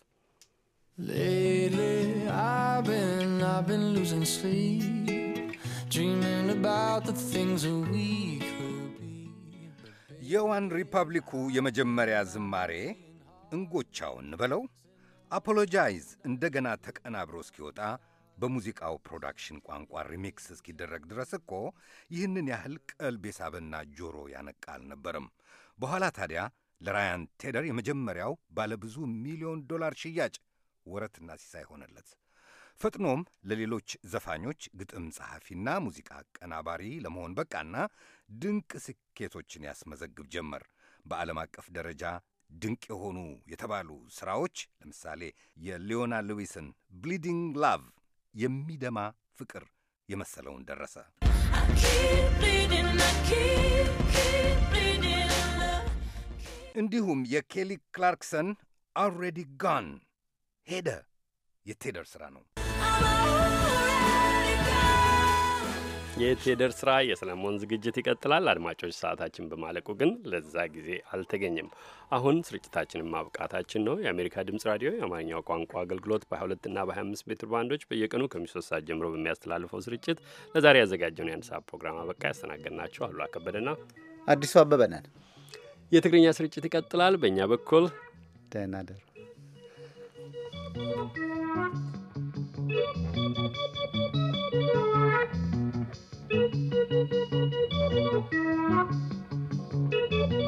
Lately I've been, I've been losing sleep about the things we could be. የዋን ሪፐብሊኩ የመጀመሪያ ዝማሬ እንጎቻውን በለው አፖሎጃይዝ እንደገና ተቀናብሮ እስኪወጣ በሙዚቃው ፕሮዳክሽን ቋንቋ ሪሚክስ እስኪደረግ ድረስ እኮ ይህንን ያህል ቀልብ የሳበና ጆሮ ያነቃ አልነበርም። በኋላ ታዲያ ለራያን ቴደር የመጀመሪያው ባለብዙ ሚሊዮን ዶላር ሽያጭ ወረትና ሲሳይ ሆነለት። ፈጥኖም ለሌሎች ዘፋኞች ግጥም ጸሐፊና ሙዚቃ አቀናባሪ ለመሆን በቃና ድንቅ ስኬቶችን ያስመዘግብ ጀመር። በዓለም አቀፍ ደረጃ ድንቅ የሆኑ የተባሉ ሥራዎች ለምሳሌ የሊዮና ሉዊስን ብሊዲንግ ላቭ የሚደማ ፍቅር የመሰለውን ደረሰ። እንዲሁም የኬሊ ክላርክሰን አልሬዲ ጋን ሄደ የቴደር ሥራ ነው። የቴደር ስራ የሰለሞን ዝግጅት ይቀጥላል። አድማጮች፣ ሰዓታችን በማለቁ ግን ለዛ ጊዜ አልተገኘም። አሁን ስርጭታችንን ማብቃታችን ነው። የአሜሪካ ድምጽ ራዲዮ የአማርኛው ቋንቋ አገልግሎት በ22 እና በ25 ሜትር ባንዶች በየቀኑ ከምሽቱ ሶስት ሰዓት ጀምሮ በሚያስተላልፈው ስርጭት ለዛሬ ያዘጋጀውን የአንድ ሰዓት ፕሮግራም አበቃ። ያስተናገድናችሁ አሉላ ከበደና አዲሱ አበበ ነን። የትግርኛ ስርጭት ይቀጥላል። በእኛ በኩል ደህና ደሩ